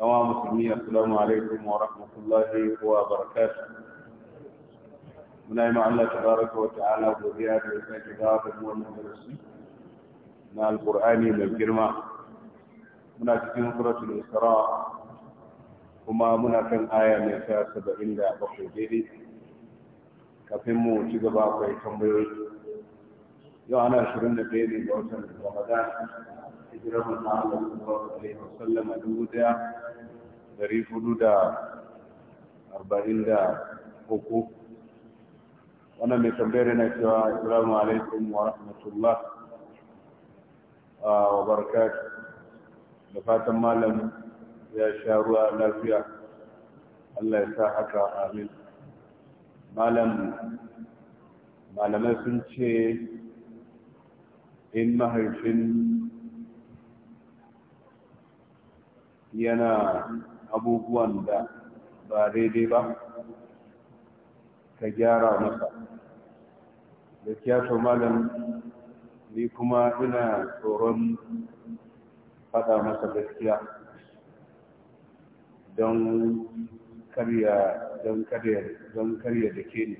yawa musulmi assalamu alaikum wa rahmatullahi wa barakatuh muna yi Allah tabaraka wa ta'ala godiya da ya sake ba ta mu wannan darasi na alqur'ani mai girma muna cikin suratul isra kuma muna kan aya mai ta 77 daidai kafin mu ci gaba akwai tambayoyi yau ana shirin 21 ne ga watan Ramadan hijirar manzon Allah sallallahu alaihi a dubu daya dari hudu da arba'in da uku wannan mai tambayar yana cewa assalamu alaikum wa rahmatullah ah, wa barakat da fatan malam ya sha ruwa lafiya Allah ya sa haka amin malam malamai sun ce in mahaifin yana abubuwan da ba daidai ba ka gyara masa da kyato malam ni kuma ina tsoron faɗa masa gaskiya don karya don karya don karya da ke ne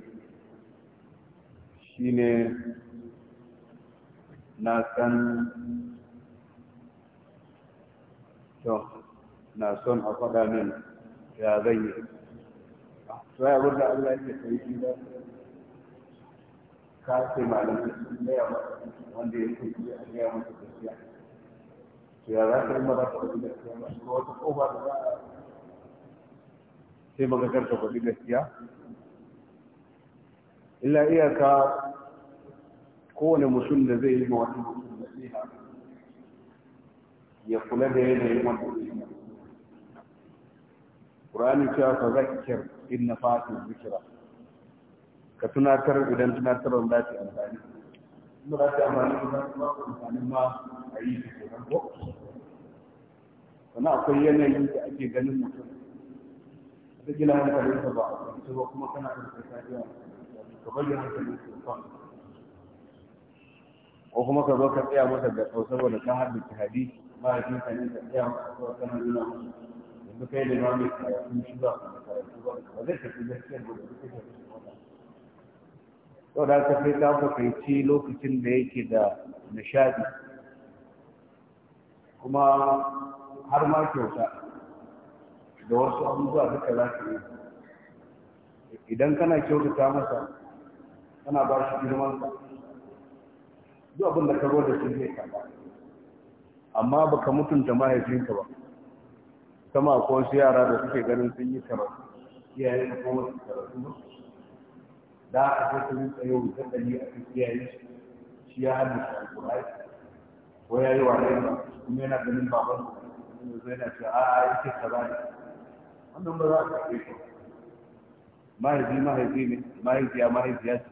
shi ne na san to ناسون حفظا من يا ذي فأقول الله إلي سيدي كاتي ما لم يسمى وندي يسمى أيام تبسيح في هذا المرة قبل الاسلام أشروط أخرى كما ذكرت قبل الاسلام إلا إيه كا كون مسنة ذي المواطن مسنة فيها يقول لي إيه المواطن مسنة فيها Qur'ani cewa fa zakkir in nafati zikra ka tunatar idan tunatarwar wanda ta amfani kuma za ta amfani da kuma ma a yi ta kenan ko sannan akwai yanayin da ake ganin mutum ta gina hankalin ka ba a kwanci ba kuma kana da ta kariya ka bayyana hankalin ka kan ko kuma ka zo ka tsaya masa da saboda ka haddace hadisi ba ya ne ka tsaya masa saboda kana nuna masa da kai da ma mai karatu shi ba ba zai tafi gaskiyar gudu duk da to da ka sai lokacin da yake da nishadi kuma har ma kyauta da wasu abubuwa duka za ka yi idan kana kyautata masa kana ba shi girman ka duk abin da ka zo da shi zai amma baka mutunta mahaifinka ba kama ko wasu yara da suke ganin sun yi karatu iyaye da kuma wasu karatu ba da aka sai sun tsayo wutar da ni a kan iyaye shi ya hannu, haddace alƙur'ani ko ya yi wani ba kuma yana ganin baban su zai na ce a'a yake kaza ne wannan ba za a karɓe ka mahaifi mahaifi ne mahaifiya mahaifiya ce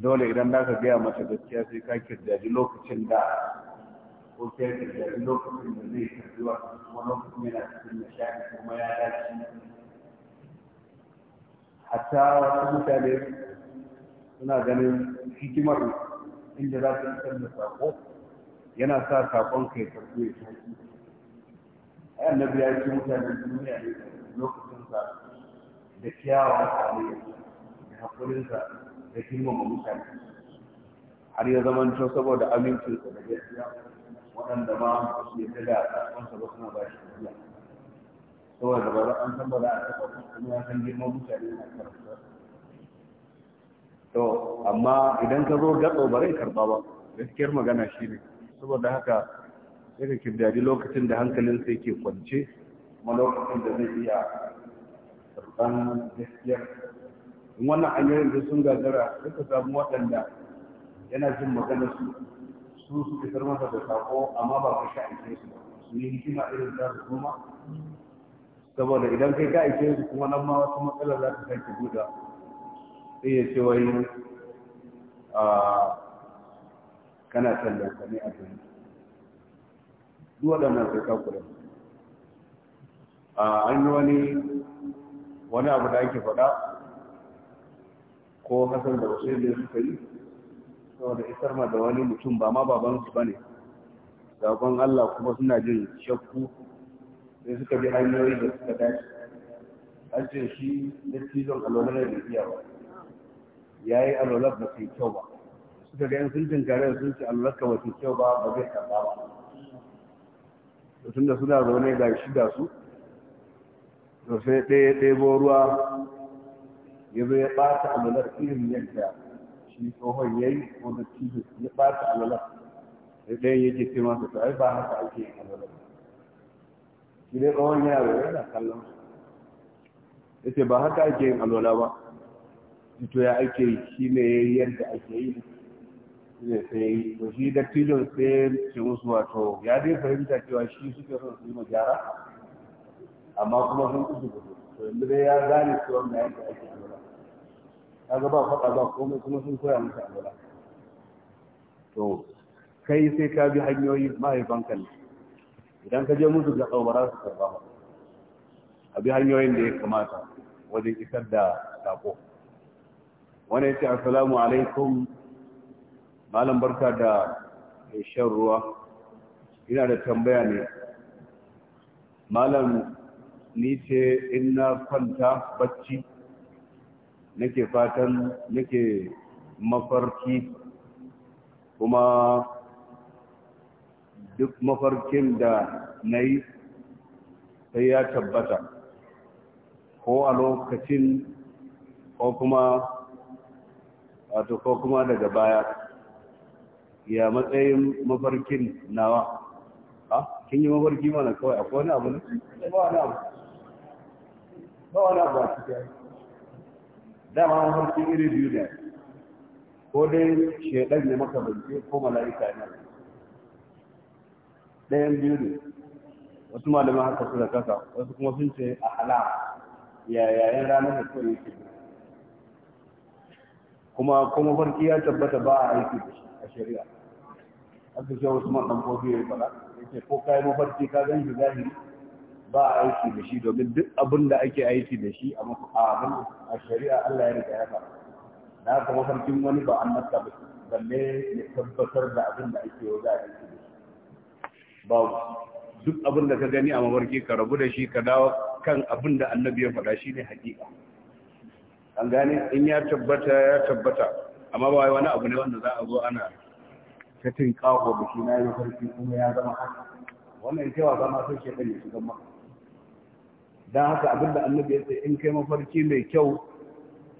dole idan za ka gaya mata gaskiya sai ka kirjaji lokacin da ko kirkin da lokacin da zai karbi wa kuma lokacin yana cikin nishaɗi kuma mutane suna ganin hikimar inda za ta isar da sako yana sa sakon kai karbi ya tafi ai annabi ya ce mutanen duniya ne lokacin sa da kyawawan halayen da hakurin sa da girmama mutane har ya zamanto saboda amincinsa da gaskiya waɗanda ba su yi ta da kasuwansa ba suna ba shi biya saboda da bari an san ba za a taɓa kuma ya san girman mutane na karanta to amma idan ka zo gaɗo ba zai karba ba gaskiyar magana shi ne saboda haka sai ka kirdaji lokacin da hankalin sai ke kwance kuma lokacin da zai iya karɓan gaskiyar in wannan hanyoyin da sun gagara duka samu waɗanda yana jin magana su su su fitar masa da sako amma ba ka sha aike su su yi hikima irin za su kuma saboda idan kai ka aike su kuma nan ma wasu matsalar za ta sake buɗa sai ya ce wai kana tallan ka ne a gani duk waɗannan sai ka kula an yi wani wani abu da ake faɗa ko hasan da wasu da suka yi saboda isar ma da wani mutum ba ma babansu ba ne sakon Allah kuma suna jin shakku sai suka bi hanyoyi da suka dace an ce shi dattizon alwalar da iya ba ya yi alwalar ba sai kyau ba suka ga yan sun tinkare sun ce alwalar ka wata kyau ba ba zai karɓa ba tun da suna zaune ga shi da su to sai ɗaya ɗebo ruwa ya zo ya ɓata alwalar irin yadda shi tsohon ya yi ko ya alalar sai ce masa ai ba haka ake yin alalar shi dai tsohon yana yana kallon ya ce ba haka ake yin ba to ya ake yi shi ne yadda ake yi ne sai to shi da tilon sai ce musu wato ya dai fahimta cewa shi suke son su yi ma gyara amma kuma sun kusa to yanzu dai ya gane cewa na yadda ake kaga ba faɗa ba komai kuma sun koya maka alwala to kai sai ka bi hanyoyi mahaifanka ne idan ka je musu ga tsawara su karba ba a bi hanyoyin da ya kamata wajen isar da sako wani ya ce assalamu alaikum malam barka da shan ruwa ina da tambaya ne malam ni ce in na kwanta bacci nake fatan nake mafarki kuma duk mafarkin da na yi sai ya tabbata ko a lokacin ko kuma wato ko kuma daga baya ya matsayin mafarkin nawa ha kin yi mafarki mana kawai akwai wani abu ne ba wani abu ba wani abu a cikin dama mafarki iri biyu ne ko dai shaidan ne maka bance ko mala'ika ne ɗayan biyu ne wasu malaman haka suka kasa wasu kuma sun ce a hala ya yayayen ranar da kawai yake kuma kuma farki ya tabbata ba a aiki a shari'a aka ce wasu man ɗan kofi ya yi fara ya ce ko kayan mafarki ka gan shi zahiri ba a aiki da shi domin duk abin da ake aiki da shi a abin a shari'a Allah ya riga ya fara. na ga mafarkin wani ba an masa ba balle ya tabbatar da abin da ake yau za a aiki da shi Ba duk abin da ka gani a mafarki ka rabu da shi ka dawo kan abin da annabi ya faɗa shi ne hakika an gane in ya tabbata ya tabbata amma ba wani abu ne wanda za a zo ana ta tinkawo da shi na yi farki kuma ya zama haka wannan cewa zama sun shekaru shigan maka don haka abinda annabi ya ce in kai mafarki mai kyau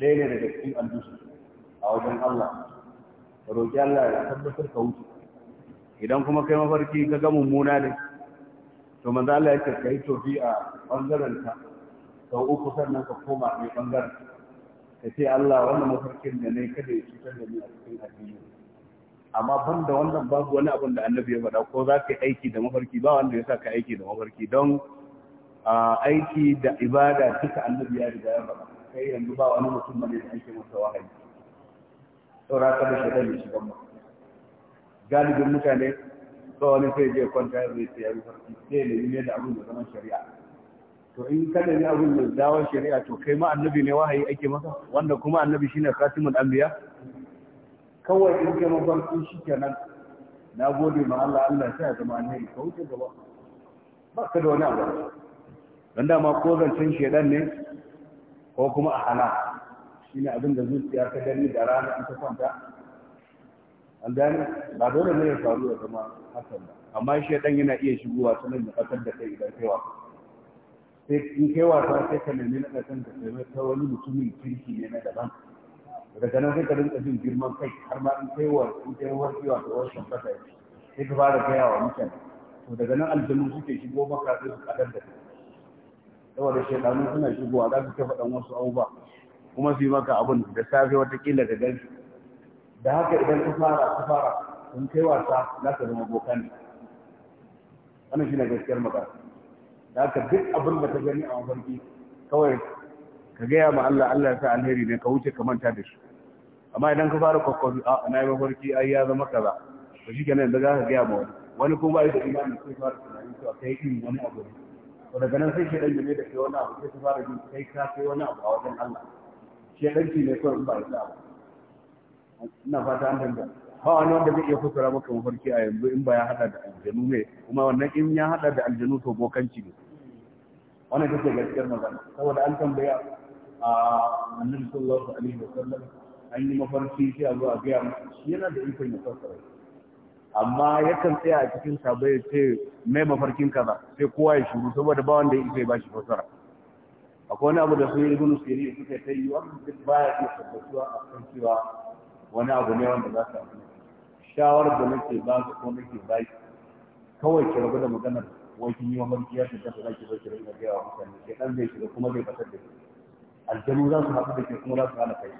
ɗaya ne daga cikin albisu a wajen Allah roƙi Allah ya tabbatar ka wuce idan kuma kai mafarki ka ga mummuna ne to manzo Allah ya ce kai bi a bangaren ka sau uku sannan ka koma mai bangaren ka ce Allah wannan mafarkin da ne kada ya cutar da ni a cikin addini amma ban da wannan babu wani abin da annabi ya faɗa ko za ka yi aiki da mafarki ba wanda ya sa ka aiki da mafarki don aiki da ibada duka annabi ya riga ya faɗa kai yanzu ba wani mutum bane da ake masa wahayi saura ka da shaidan ya shiga mu galibin mutane ba wani sai je kwanta ya zai tsaya yi farki sai ne ne da abin da zaman shari'a to in kada ne abin da zawon shari'a to kai ma annabi ne wahayi ake masa wanda kuma annabi shine khatimul anbiya kawai in kai mafarki shikenan na gode ma Allah Allah ya ya zama annabi ka wuce gaba ba ka da wani abu don dama ko zancen shaidan ne ko kuma a hana shi ne abin da zuciya ta gani da rana ita kwanta an gane ba dole ne ya faru ya zama hakan ba amma shaidan yana iya shigowa ta nan da kasar da kai idan kai wasa sai in kai wasa sai ka nemi na da kai mai ta wani mutumin kirki ne na daban daga nan sai ka rinka jin girman kai har ma in kai wa in kai kiwa ta wasu shafata sai ka fara kaiwa wa mutane to daga nan aljanu suke shigo maka sai su kadar da kai saboda shekaru suna shigowa za su kafa ɗan wasu ba kuma su yi maka abin da safe watakila da gari da haka idan ka fara ka fara sun kai wasa za ka zama bokan wannan shi ne gaskiyar magana da haka duk abin da ka gani a mafarki kawai ka gaya ma Allah Allah ya sa alheri ne ka wuce ka manta da shi amma idan ka fara kwakwabi a na yi mafarki ai ya zama kaza to shi kenan da za ka gaya ma wani wani kuma ba yi da imani sai fara tunanin cewa kai irin wani abu ne daga nan sai shaidan ya mai da kai wani abu sai ta fara jin kai ka kai wani abu a wajen Allah shaidan ki ne kawai in ba ya ba ina fata an danda ba wani wanda zai iya kusura maka mafarki a yanzu in ba ya hada da aljanu ne kuma wannan in ya hada da aljanu to bokanci ne wannan ce gaskiyar magana saboda an tambaya a annabi sallallahu alaihi wasallam an yi mafarki sai a zo a gaya shi yana da ikon ya fassara amma yakan tsaya a cikin sabo ya ce mai mafarkin kaza sai kowa ya shuru saboda ba wanda ya ya bashi fasara akwai wani abu da su siri da suka ta yi wani duk baya iya tabbatuwa a kan cewa wani abu ne wanda za abu Shawar da nake ba ka ko nake ba kawai ki rabu da maganar wajen yi wa mulki ya tabbata za ki zo ki rinka gaya wa mutane ke dan zai shiga kuma zai fatar da ke aljanu za su haɗu da ke kuma za su hana kai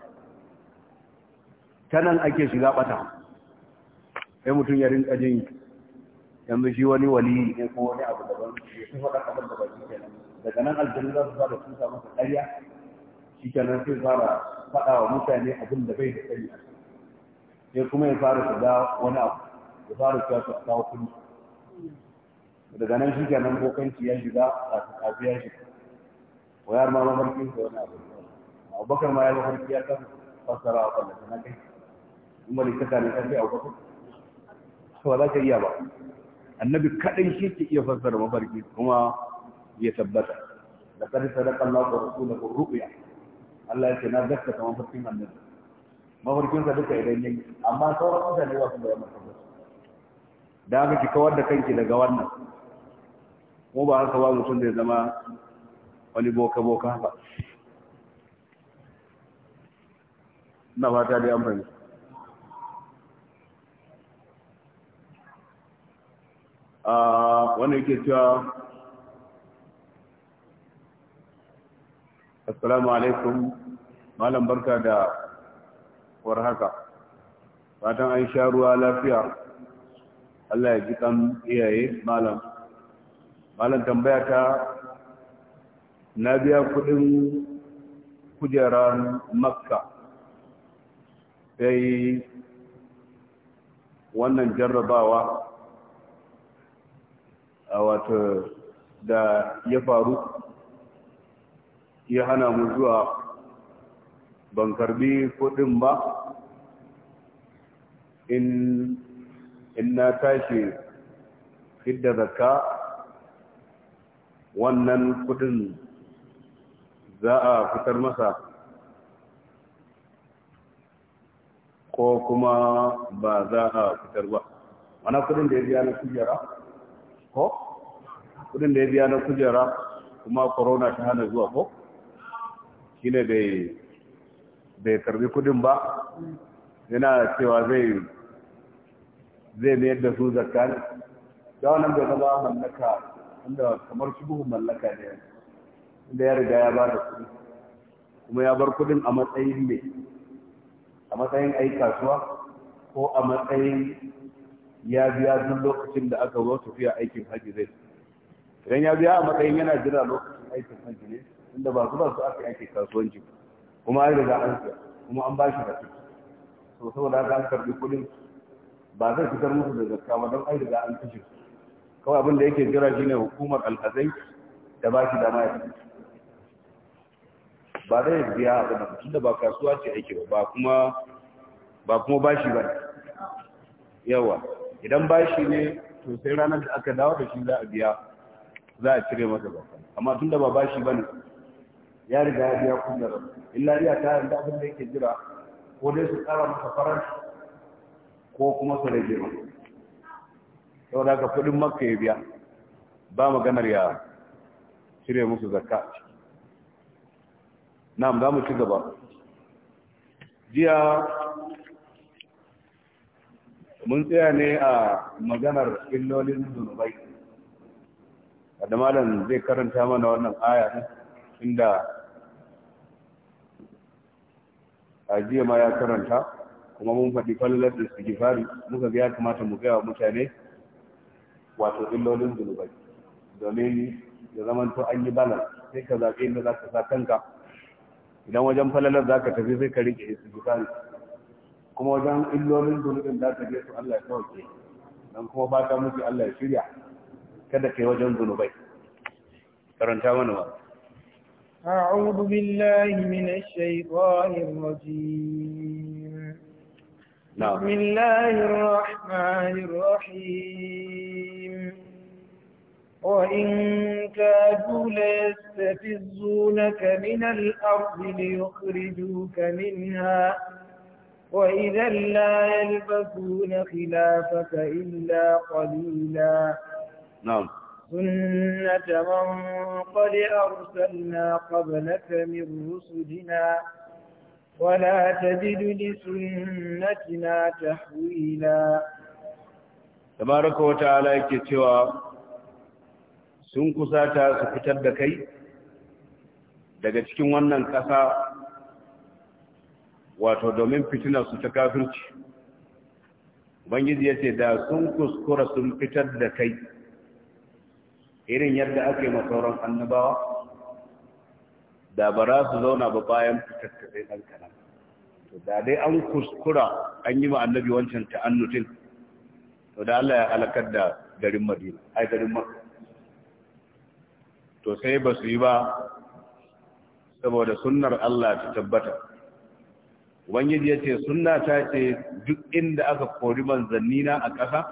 ta nan ake shiga ɓata sai mutum ya rinka jin yanzu shi wani wali ne ko wani abu daban ya fi faɗa abin da baki kenan daga nan aljanu za su fara tuta masa ƙarya shi kenan sai fara faɗa wa mutane abin da bai da sani sai kuma ya fara shiga wani abu ya fara shiga su kawo kuɗi daga nan shi kenan bokanci ya shiga a kafi ya shiga wayar ma mafarkin da wani abu abubakar ma ya mafarki ya kan fassara wa kallon na kai umar ita ka ne kan sai abubakar ba za ka iya ba annabi kaɗai shi ke iya fassara mafarki kuma ya tabbata da kar sadaka Allah ko rubuya. Allah ya ce na ta mafarkin annabi mafarkin sa duka idan yayi amma sauran mutane ba su da mafarkin da haka ki kawar da kanki daga wannan ko ba haka ba mutum zai zama wani boka boka ba na fata dai an fahimta a wanda yake cewa assalamu alaikum malam barka da warhaka fatan an sha ruwa lafiya Allah ya ji kan iyaye malam malam tambaya ta na biya kudin kujerar makka sai wannan jarrabawa wato da ya faru ya hana mu zuwa ban karbi kudin ba in na tashi fidda zakka wannan kudin za a fitar masa ko kuma ba za a fitar ba wannan kudin da ya biya na kujera ko kudin da ya biya na kujera kuma corona ta hana zuwa ko shine bai bai karbi kudin ba yana cewa zai zai mayar da su zakka ne da wannan bai zama mallaka inda kamar buhun mallaka ne inda ya riga ya ba da kudi kuma ya bar kudin a matsayin ne a matsayin ai kasuwa ko a matsayin ya biya duk lokacin da aka zo tafiya aikin haji zai idan ya biya a matsayin yana jira lokacin aikin haji ne inda ba zuwa su aka ake kasuwanci kuma an riga an siya kuma an bashi da kuɗi to saboda haka an karbi kuɗin ba zai fitar musu da zakka ba don an riga an kashe kawai abin da yake jira shine hukumar alhazai da ba shi ma ya fita ba zai biya a gaba tun da ba kasuwa ce aiki ba kuma ba kuma bashi ba yawa idan bashi ne to sai ranar da aka dawo da shi za a biya za a cire masa ba, amma tunda ba bashi bane ya riga ya biya kullum illa riya ta yanda abin da yake jira ko dai su tsara masa farashi ko kuma su rage masa saboda haka kudin makka ya biya ba maganar ya cire musu zakka na'am za mu ci gaba jiya mun tsaya ne a maganar illolin zunubai da malam zai karanta mana wannan aya inda a ma ya karanta kuma mun faɗi kwallar da su gifari muka ga kamata mu gaya wa mutane wato illolin zunubai domin zaman to an yi balan sai ka zaɓe inda za ka sa kanka idan wajen falalar za ka tafi sai ka riƙe su gifari kuma wajen illolin zunubin za ta su Allah ya sauke don kuma ba ta muke Allah ya shirya kada kai wajen zunubai karanta mana ba أعوذ بالله من الشيطان الرجيم نعم. بسم الله الرحمن الرحيم وإن كادوا ليستفزونك من الأرض ليخرجوك منها وإذا لا يلبثون خلافك إلا قليلا نعم سنة من قد أرسلنا قبلك من رسلنا ولا تجد لسنتنا تحويلا تبارك وتعالى كتوى sun kusata su fitar da kai daga cikin wannan ƙasa wato domin fitina su ta kafirci ubangiji ya ce da sun kuskura sun fitar da kai irin yadda ake masauran annabawa da ba za su zauna ba bayan fitar da sai ɗan kanan to da dai an kuskura an yi ma annabi wancan ta'annutin to da Allah ya halakar da garin Madina ai garin Makka to sai ba su yi ba saboda sunnar Allah ta tabbata ubangiji ya ce sunna ta ce duk inda aka kori manzanni na a ƙasa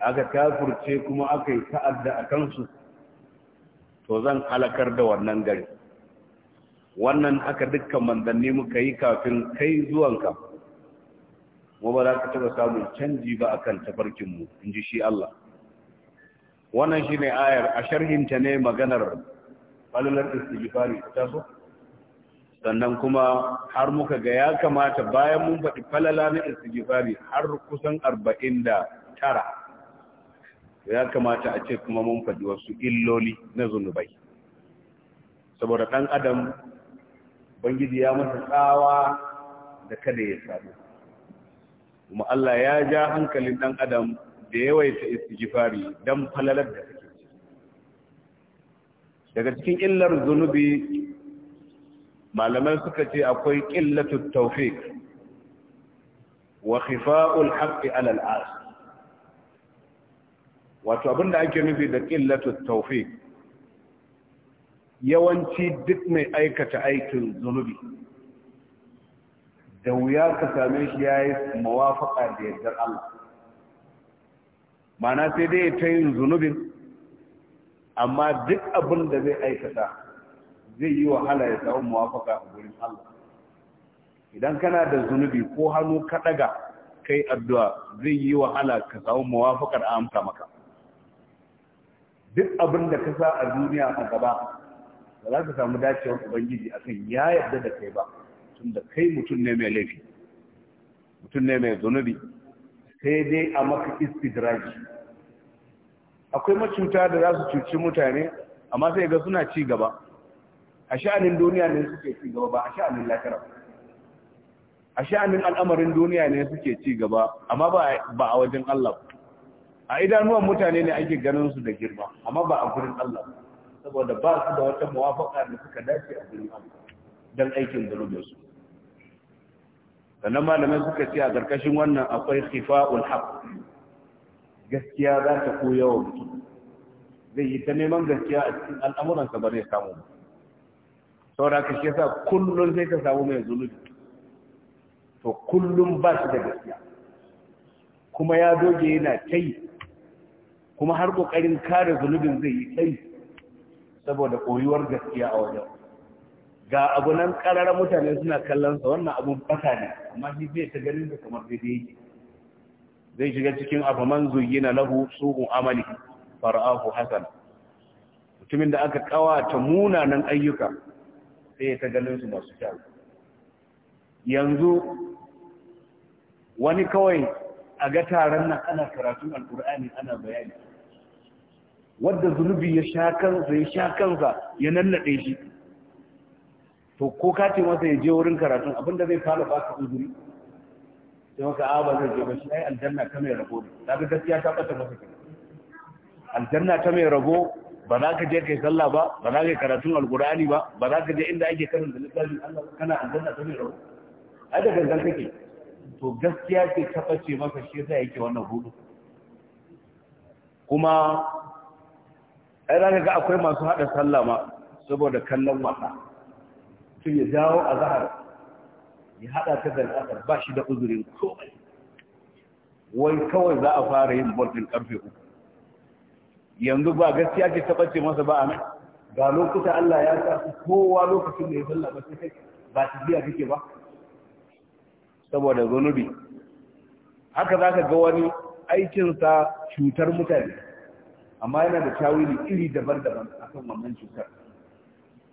aka kafurce kuma aka yi ta'adda a kansu to zan halakar da wannan gari wannan aka dukkan manzanni muka yi kafin kai zuwanka mu ba za ka taɓa samun canji ba a kan tafarkinmu in ji shi Allah wannan shi ne ayar a sharhinta ne maganar ɓalular istighfari ta so sannan kuma har muka ga ya kamata bayan mun faɗi falala na istighfari har kusan arba'in da tara ya kamata a ce kuma mun faɗi wasu illoli na zunubai saboda ɗan adam bangiji ya masa tsawa da kada ya sami kuma Allah ya ja hankalin ɗan adam da yawaita istighfari don falalar da take daga cikin illar zunubi malamai suka ce akwai ƙillatu taufik wa khifa'ul haqqi alal as wato abinda ake nufi da ƙillatu taufik yawanci duk mai aikata aikin zunubi da wuya ka same shi ya yi mawafaka da yardar Allah mana sai dai ta yin zunubin amma duk abin da zai aikata zai yi wahala ya samu muwafaka a gurin Allah idan kana da zunubi ko hannu ka daga kai addu'a zai yi wahala ka samu muwafakar amsa maka duk abin da ka sa a duniya a gaba ba za ka samu dacewar ubangiji akan ya yarda da kai ba tun kai mutum ne mai laifi mutum ne mai zunubi sai dai a maka istidraji akwai macuta da za su cuci mutane amma sai ga suna ci gaba a sha'anin duniya ne suke ci gaba ba a sha'anin lahira a sha'anin al'amarin duniya ne suke ci gaba amma ba a wajen Allah a idanuwan mutane ne ake ganin su da girma amma ba a gurin Allah saboda ba su da wata muwafaka da suka dace a gurin Allah don aikin zunubin su sannan malamai suka ce a ƙarƙashin wannan akwai khifa'ul haq gaskiya za ta koya wa mutum zai yi ta neman gaskiya a cikin al'amuransa ba zai samu ba saboda ka shi yasa kullum sai ka samu mai zunubi to kullum ba shi da gaskiya kuma ya doge yana tai kuma har kokarin kare zunubin zai yi tai saboda koyuwar gaskiya a wajen ga abu nan karara mutane suna kallon sa wannan abun fata ne amma shi zai ta ganin da kamar dai yake zai shiga cikin abu man lahu su'un amali fara'ahu hasana mutumin da aka kawata munanan ayyuka sai ta ganin su masu kyau yanzu wani kawai a ga taron nan ana karatun alkur'ani ana bayani wadda zunubi ya sha kansa ya sha kansa ya nannade shi to ko ka ce masa ya je wurin karatun abinda zai fara ba ka uzuri sai maka a ba zai je ba shi ai aljanna ta mai rabo ne ta ga gaskiya ta bata masa aljanna ta mai rabo ba za ka je kai sallah ba ba za ka yi karatun alkurani ba ba za ka je inda ake karanta littafin Allah kana aljanna ta ne rabu a da gangan kake to gaskiya ce ta bace maka shi yasa yake wannan hudu kuma ai za ka ga akwai masu hada sallah ma saboda kallon wasa to ya dawo a zahar ya hada ta da ba shi da uzurin komai wai kawai za a fara yin bolin karfe uku yanzu ba gaskiya ce ta bace masa ba a nan ga lokuta Allah ya sa kowa lokacin da ya sallah ba sai kai ba biya kike ba saboda zanubi haka za ka ga wani aikinsa cutar mutane amma yana da tawili iri daban-daban a kan wannan cutar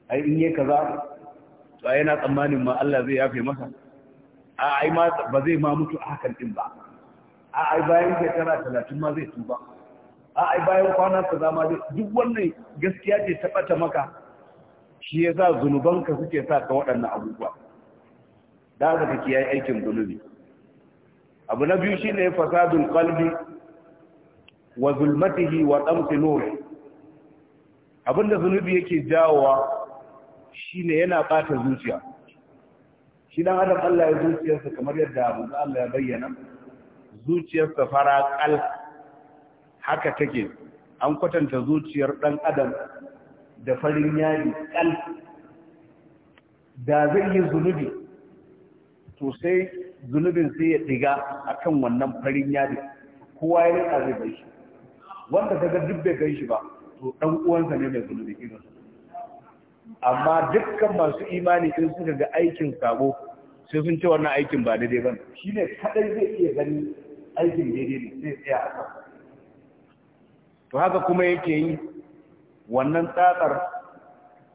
ai in yi kaza to ai yana tsammanin ma Allah zai yafe masa a ai ma ba zai ma mutu a hakan din ba a ai bayan shekara 30 ma zai tuba a ai bayan kwana ka zama duk wannan gaskiya ce ta bata maka shi ya sa zunubanka suke sa ka waɗannan abubuwa da haka take yayi aikin zunubi abu na biyu shine fasadul qalbi wa zulmatihi wa damsi nur abinda zunubi yake jawowa shine yana bata zuciya shi dan adam Allah ya zuciyarsa kamar yadda Allah ya bayyana zuciyarsa fara kalka haka take an kwatanta zuciyar ɗan adam da farin yari ƙal da zai yi zunubi to sai zunubin sai ya ɗiga a kan wannan farin yari kowa ya rika zai bai shi wanda ta ga duk bai gan shi ba to ɗan uwansa ne mai zunubi irin amma dukkan masu imani in suka ga aikin sabo sai sun ce wannan aikin ba daidai ba shi ne kaɗai zai iya gani aikin daidai ne sai tsaya a kan to haka kuma yake yi wannan tsatsar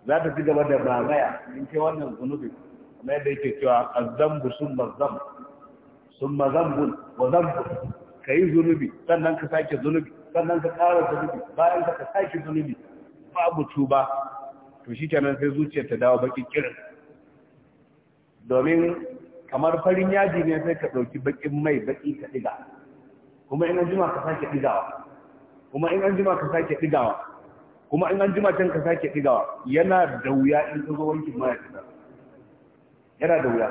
za ta fi gaba da bagaya in ce wannan zunubi kuma yadda yake cewa azzambu sun mazzam sun mazambun wa zambu ka yi zunubi sannan ka sake zunubi sannan ka ƙara zunubi bayan ka ka sake zunubi babu tuba to shi nan sai zuciyar ta dawo baki kirin domin kamar farin yaji ne sai ka ɗauki bakin mai baki ka ɗiga kuma ina jima ka sake ɗigawa kuma in an jima ka sake digawa kuma in an jima can ka sake digawa yana da wuya in ka zo wankin ma ya fita yana da wuya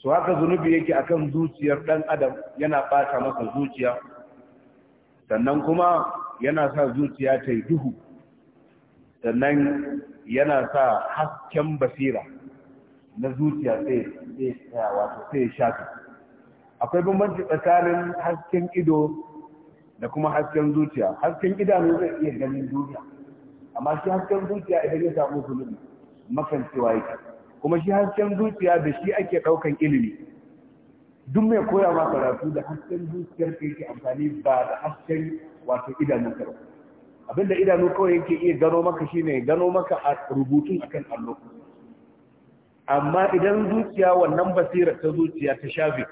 so haka zunubi yake akan zuciyar dan adam yana bata masa zuciya sannan kuma yana sa zuciya ta yi duhu sannan yana sa hasken basira na zuciya sai wato sai shafi akwai bambanci tsakanin hasken ido da kuma hasken zuciya hasken idanu zai iya ganin duniya amma shi hasken zuciya idan ya samu zunubi makancewa yake kuma shi hasken zuciya da shi ake ɗaukan ilimi duk mai koya ma karatu da hasken zuciyar ka yake amfani ba da hasken wato idanu karo abinda idanu kawai yake iya gano maka shine gano maka a rubutun akan allo amma idan zuciya wannan basira ta zuciya ta shafe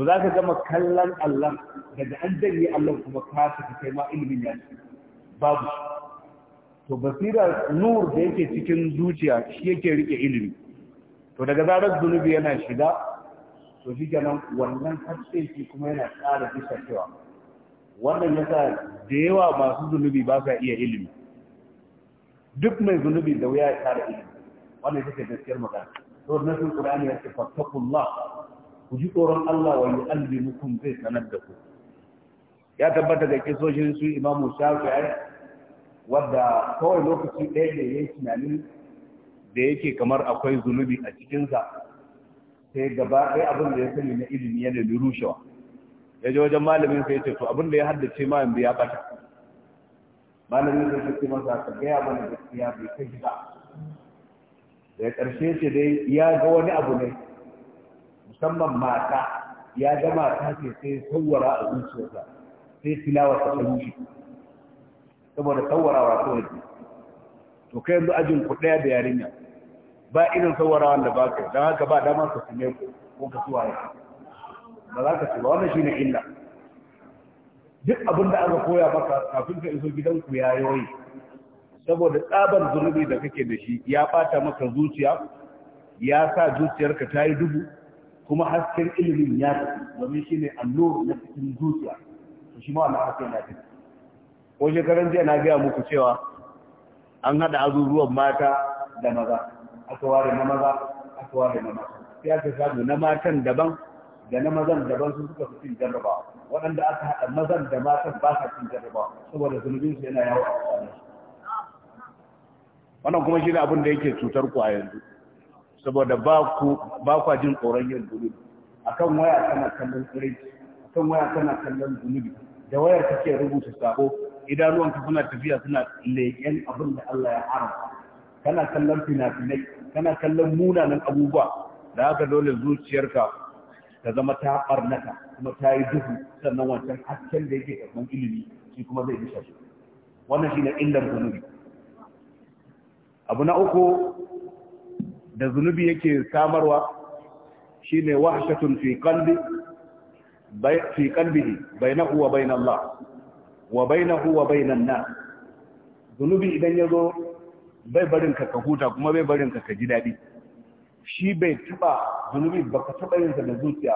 to za ka gama kallon Allah daga an janye Allah kuma ka ka kai ma ilimin ya babu to basira nur da yake cikin zuciya shi yake rike ilimi to daga zarar zunubi yana shiga to shi kenan wannan haske shi kuma yana ƙara bisa cewa wannan yasa da yawa masu zunubi ba sa iya ilimi duk mai zunubi da wuya ya ƙara ilimi wannan ita ce gaskiyar magana to nasin qur'ani ya ce fattaqullah ku ji tsoron Allah wa yu'allimukum zai sanar da ku ya tabbata ke kisoshin su imamu shafi'ai wadda kawai lokaci ɗaya da ya yi tunani da yake kamar akwai zunubi a cikinsa sai gaba ɗaya abin da ya sani na ilimi yana da rushewa ya je wajen malamin sai ya ce to abin da ya haddace ma yanzu ya bata malamin sai ya ce masa ka gaya mana gaskiya bai kai ba da ƙarshe ce dai ya ga wani abu ne musamman mata ya zama mata ce sai sauwara a zuciyarsa sai tilawa ta sanyi saboda wa ta waje to kai yanzu ajin ku ɗaya da yarinya ba irin sauwarawa da ba ka don haka ba dama ka ne ku ko ka suwa ya ba za ka ci ba wannan ne illa duk abin da aka koya maka kafin ka iso gidanku ya yoyi saboda tsabar zunubi da kake da shi ya ɓata maka zuciya ya sa zuciyarka ta yi dubu kuma hasken ilimin ya tafi domin shi ne allo na cikin zuciya da shi ma Allah haka yana tafi ko shekaran jiya na gaya muku cewa an haɗa azuzuwan mata da maza aka ware na maza aka ware na maza sai aka samu na matan daban da na mazan daban sun suka fi jarraba jarrabawa waɗanda aka haɗa mazan da matan ba sa cin jarrabawa saboda su yana yawo a tsakaninsu wannan kuma shi ne abin da yake cutar ku a yanzu saboda ba ku jin tsoron yin zunubi akan waya kana kallon a akan waya kana kallon zunubi da waya kake rubuta sabo idanuwanka suna tafiya suna leƙen abin da Allah ya haramta kana kallon fina-finai kana kallon munanan abubuwa da haka dole zuciyarka ta zama ta barnata kuma ta yi duhu sannan wancan hasken da yake karɓar ilimi shi kuma zai bisa shi wannan shi ne illar zunubi abu na uku da zunubi yake samarwa shine wahshatun fi qalbi bai fi qalbihi bainahu wa bain Allah wa bainahu wa bainan nas zunubi idan yazo bai barin ka ka huta kuma bai barin ka ka ji daɗi, shi bai taba zunubi baka taba yin sa da zuciya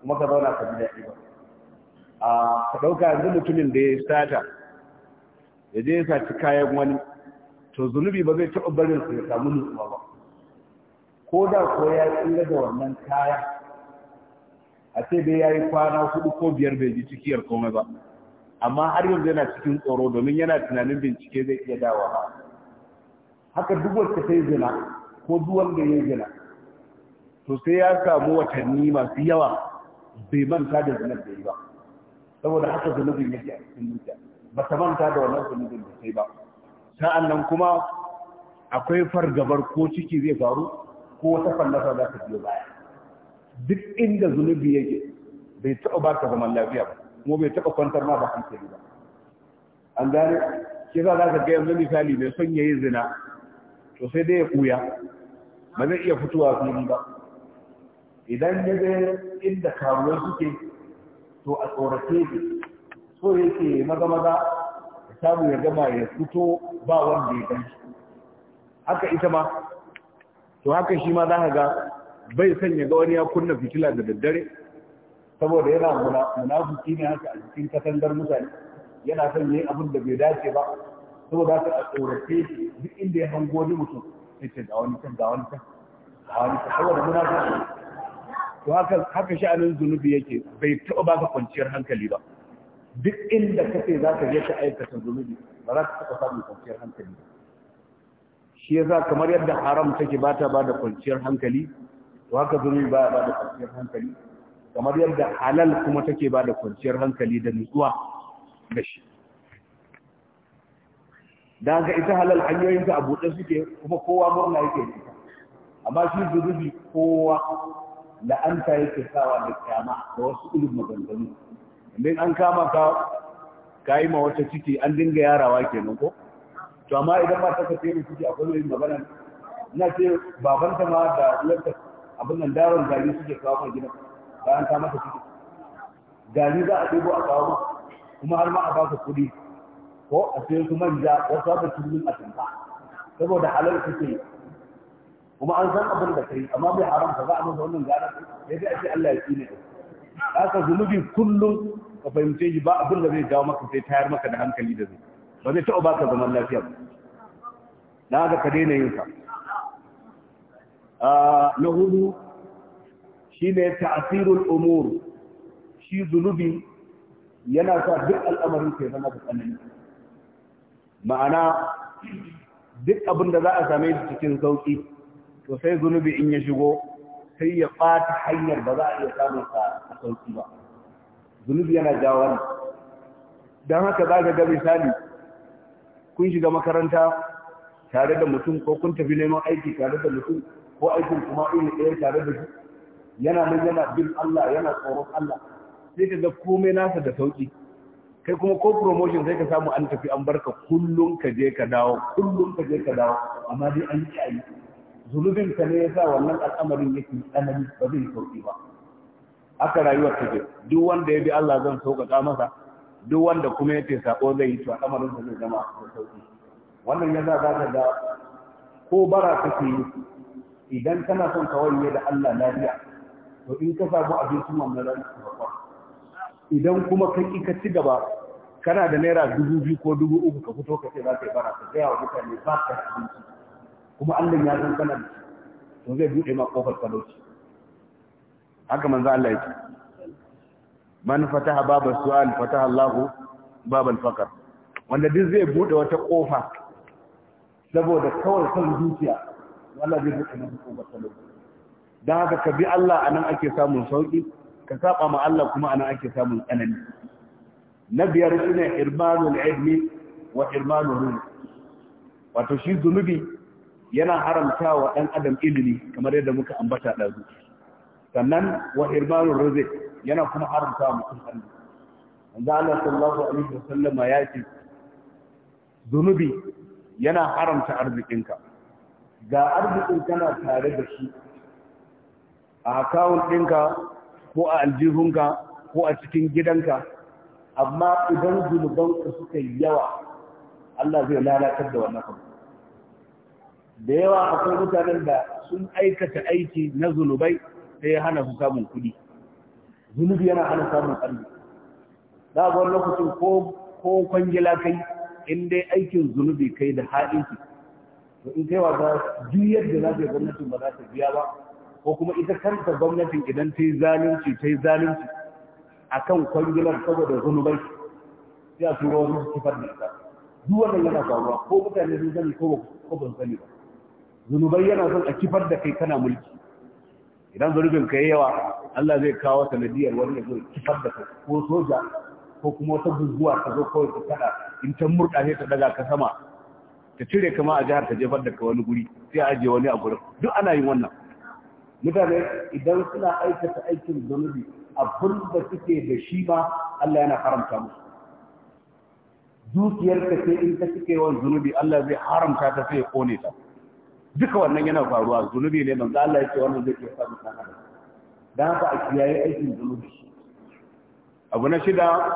kuma ka zauna ka ji daɗi ba a ka dauka yanzu mutumin da ya sata ya je ya saci kayan wani to zunubi ba zai taba barin sa ya samu nutsuwa ba ko da ko ya tsira da wannan kaya a ce bai ya yi kwana hudu ko biyar bai ji cikiyar komai ba amma har yanzu yana cikin tsoro domin yana tunanin bincike zai iya dawa ba haka duk wacce ta yi zina ko duk wanda ya yi zina to sai ya samu watanni masu yawa bai manta da zinar da yi ba saboda haka zunubin yake a cikin zuciya ba ta manta da wannan zunubin da sai ba sa'an nan kuma akwai fargabar ko ciki zai faru ko wata fallasa za ka biyo baya duk inda zunubi yake bai taɓa ba ka zaman lafiya ba kuma bai taɓa kwantar ma ba hankali ba an gane shi za ka ga yanzu misali mai son yayi zina to sai dai ya ɓuya ba zai iya fitowa fili ba idan ya ga inda karuwar suke to a tsorace shi so yake maza maza ya samu ya gama ya fito ba wanda ya gan haka ita ma to haka shi ma za ka ga bai sanya ga wani ya kunna fitila da daddare saboda yana munafiki ne haka a cikin katangar mutane yana son yayi abin da bai dace ba saboda ka a tsorace shi duk inda ya hango wani mutum sai ce ga wani can ga wani can ga wani can saboda munafiki to haka haka sha'anin zunubi yake bai taɓa baka kwanciyar hankali ba duk inda kace za ka je ka aikata zunubi ba za ka taɓa samun kwanciyar hankali ba shi yasa kamar yadda haram take ba ta ba da kwanciyar hankali to haka zumi ba ba da kwanciyar hankali kamar yadda halal kuma take ba da kwanciyar hankali da nutsuwa da shi da ga ita halal hanyoyin ta a buɗe suke kuma kowa murna yake ita amma shi zubi kowa la'anta yake sawa da kyama da wasu ilimin maganganu idan an kama ka kayi ma wata ciki an dinga yarawa kenan ko to amma idan ba ta ka ce ciki akwai mai magana na ce babanta ma da uwarta abin nan dawon gari suke kawo mai gidan bayan ta mata ciki gari za a ɗebo a kawo kuma har ma a ba ka kuɗi ko a sayo su manja wasu ba cikin a tunka saboda halal ce kuma an san abin da kai amma bai haramta za a masa wannan gara sai dai a ce Allah ya tsine ka haka zunubi kullum ka fahimce shi ba abin da zai jawo maka sai tayar maka da hankali da zai ba zai taɓa baka zaman lafiya na ga ka daina yin sa ah, na hudu shi ne ta'asirul umur shi zunubi yana sa duk al'amarin ke zama da tsanani ma'ana duk abin da za a same shi cikin sauƙi to sai zunubi in ya shigo sai ya ɓata hanyar ba za a iya samun sa a sauƙi ba zunubi yana jawo Dan haka za ka ga misali kun shiga makaranta tare da mutum ko kun tafi neman aiki tare da mutum ko aikin kuma ina ɗaya tare da shi yana nan yana bin Allah yana tsoron Allah sai ka ga komai nasa da sauki kai kuma ko promotion sai ka samu an tafi an barka kullum ka je ka dawo kullum ka je ka dawo amma dai an yi ayi zulubin ka ne yasa wannan al'amarin yake tsanani ba zai sauki ba haka rayuwa take duk wanda ya bi Allah zan sauƙaƙa masa duk wanda kuma ya ce sako zai yi to al'amarin da zai zama da sauki wannan yasa za ka ga ko bara kake yi idan kana son ka da Allah lafiya to in ka samu abincin wannan ran ka idan kuma ka ki ka ci gaba kana da naira dubu biyu ko dubu uku ka fito ka ce za ka yi bara ka gaya wa mutane ba ka abinci kuma Allah ya san kana da to zai buɗe ma kofar talauci haka manzo Allah ya ce man fataha babas su'al fataha Allahu babal faqr wanda duk zai bude wata kofa saboda kawai san dukiya Allah zai buɗe masa kofa talauci dan haka ka bi Allah anan ake samun sauki ka saba ma Allah kuma anan ake samun tsanani na biyar shine irmanul ilmi wa irmanul rizq wato shi zunubi yana haramta wa ɗan adam ilimi kamar yadda muka ambata ɗazu sannan wa irmanul rizq yana kuma haramta mutum Allah manzo Allah sallallahu alaihi wasallama ya ce zunubi yana haramta arzikinka ga arzikin kana tare da shi a akawun ɗinka ko a aljihunka ko a cikin gidanka amma idan zunubanka suka yi yawa Allah zai lalatar da wannan abu da yawa akwai mutanen da sun aikata aiki na zunubai sai ya hana su samun kuɗi zunubi yana hana samun ƙarfi za a wani lokacin ko kwangila kai in dai aikin zunubi kai da ha'inki to in kai wata juyar yadda za ta yi gwamnatin ba za ta biya ba ko kuma ita kanta gwamnatin idan ta yi zalunci ta yi zalunci a kan kwangilar saboda zunubai sai a tura wani kifar da ita duk wannan yana faruwa ko mutane sun sani ko ban sani ba zunubai yana son a kifar da kai kana mulki idan zurbin ka yi yawa Allah zai kawo sanadiyar wani ya zai kifar da ko soja ko kuma wata guguwa ta zo kawai ta kada in ta murɗa ta daga ka sama ta cire kama a jihar ta jefar da ka wani guri sai a ajiye wani a gurin duk ana yin wannan mutane idan suna aikata aikin zunubi abin da suke da shi ba, Allah yana haramta musu dukiyarka sai in ta suke yawan zunubi Allah zai haramta ta sai ya kone ta duka wannan yana faruwa zunubi ne manzo Allah ya wannan zai ke samu kana dan ba a kiyaye aikin zunubi abu na shida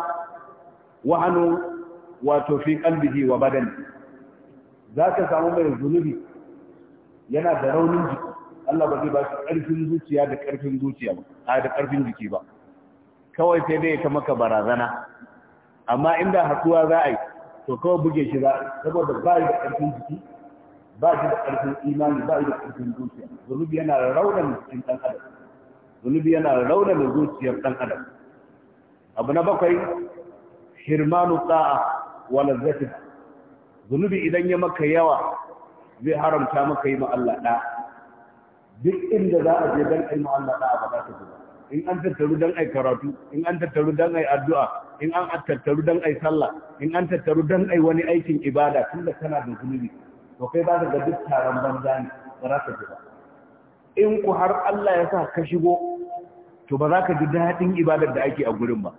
wahanu wato fi qalbihi wa badan zaka samu mai zunubi yana da raunin jiki Allah ba zai ba shi karfin zuciya da karfin zuciya ba a da karfin jiki ba kawai sai dai ya maka barazana amma inda hakuwa za a yi to kawai buge shi za saboda ba da karfin jiki ba shi da ƙarfin imani ba shi da ƙarfin zuciya zunubi yana raunar cikin ɗan adam zunubi yana raunar zuciyar ɗan adam abu na bakwai hirmanu ta'a wa lazzati zunubi idan ya maka yawa zai haramta maka yi Allah ɗa duk inda za a je don yi Allah ɗa ba za ka zuba in an tattaru don ai karatu in an tattaru don ai addu'a in an tattaru don ai sallah in an tattaru don ai wani aikin ibada tun da kana da zunubi to kai ba ga duk taron banza ne ba za ka ji ba in ku har Allah ya sa ka shigo to ba za ka ji daɗin ibadar da ake a gurin ba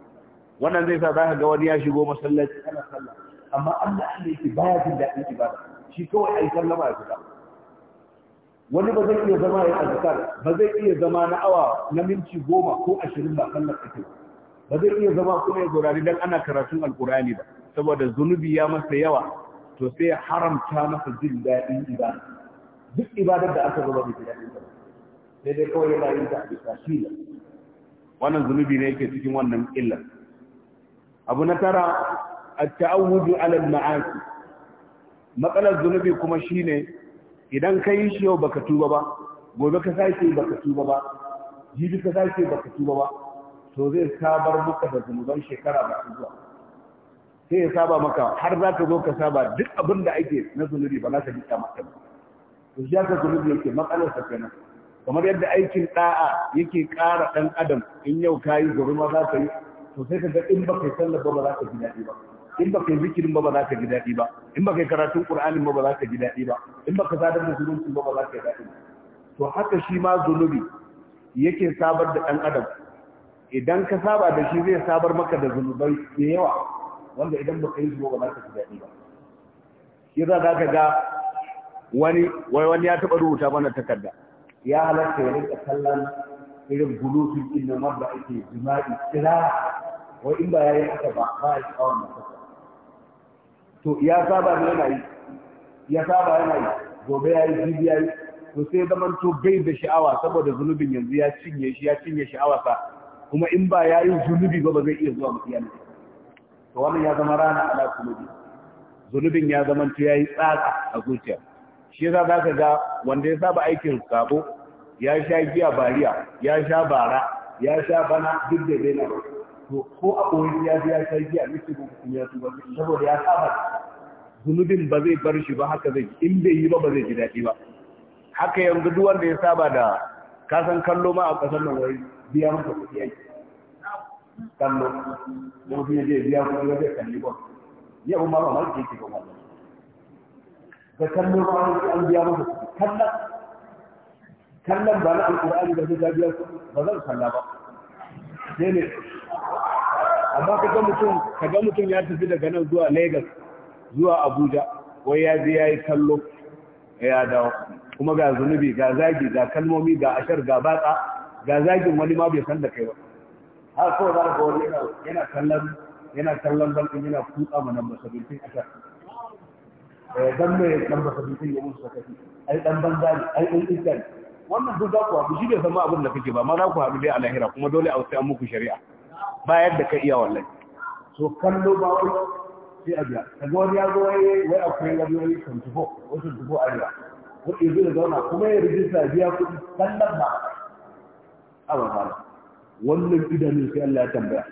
wannan zai sa za ka ga wani ya shigo masallaci ana sallah amma Allah Allah yake ya jin daɗin ibada shi kawai a ai sallama ya fita wani ba zai iya zama ya azkar ba zai iya zama na awa na minti goma ko ashirin ba sallar ake ba zai iya zama kuma ya saurari don ana karatun alkurani ba saboda zunubi ya masa yawa to sai ya haramta masa jin daɗin ibada duk ibadar da aka zama bai daɗin ba sai dai kawai yana yin ta a bisa shila wannan zunubi ne yake cikin wannan illa abu na tara at-ta'awudu alal al-ma'asi matsalar zunubi kuma shine idan ka yi shi yau baka tuba ba gobe ka sake baka tuba ba jibi ka sake baka tuba ba to zai sabar maka da zunuban shekara ba zuwa sai ya saba maka har za ka zo ka saba duk abin da ake na zunubi ba za ka ji maka ba to shi haka zunubi yake matsalar sa kenan kamar yadda aikin da'a yake ƙara ɗan adam in yau ka yi gobe ma za ka yi to sai ka ga in ba kai sallar ba ba za ka ji daɗi ba in ba kai zikirin ba ba za ka ji daɗi ba in ba kai karatun ƙur'anin ba ba za ka ji daɗi ba in ba ka sadar da zunubi ba ba za ka ji daɗi ba to haka shi ma zunubi yake sabar da ɗan adam idan ka saba da shi zai sabar maka da zunubai da yawa wanda idan ba kai yi shi ba za ka ji daɗi ba shi za ka ga wani wai wani ya taɓa rubuta mana takarda ya halatta ya rinka kallon irin bulutun din nan ake jima'i kira wai in ba ya yi haka ba ba ya sha'awar masu to ya saba ne yana yi ya saba yana yi gobe ya yi jibi ya yi to sai zaman to bai da sha'awa saboda zunubin yanzu ya cinye shi ya cinye sha'awa sa kuma in ba ya yi zunubi ba ba zai iya zuwa mutu yana to wannan ya zama rana ala kulubi zunubin ya zama to yayi tsaka a zuciya shi yasa zaka ga wanda ya saba aikin sabo ya sha giya bariya ya sha bara ya sha bana duk da dai na to ko a koyi ya ya sha giya miki ko kuma ya tuba saboda ya saba zunubin ba zai bar shi ba haka zai in bai yi ba ba zai ji daɗi ba haka yanzu duk wanda ya saba da kasan kallo ma a kasan nan wai biya maka kuɗi aiki kallo da mutum ya je biya kuɗi wajen kalli bol yau ma ba ma ke ko wannan da kallo ba an biya masa kuɗi kallon kallon ba na alƙur'ani da ta biya kuɗi ba zan kalla ba ne ne amma ka ga mutum ka ga mutum ya tafi daga nan zuwa Lagos zuwa Abuja wai ya je yayi kallo ya dawo kuma ga zunubi ga zagi ga kalmomi ga ashar ga batsa ga zagin wani ma bai san da kai ba har kawai za ka wani yana kallon yana kallon balkin yana kutsa ma nan basabintin a sha dan mai dan basabintin ya musu sakafi. ai dan banza ne ai dan iska ne wannan duk za ku haɗu shi ne san abin da kake ba ma za ku haɗu dai a lahira kuma dole a wasu an muku shari'a bayar da ka iya wallahi so kallo ba wai sai a biya kaga wani ya zo wai wai akwai wani wani 24 wasu 24 arewa kuɗi zai zauna kuma ya rijista biya kuɗi Kallon ba a ba wannan idanun sai Allah ya tambaya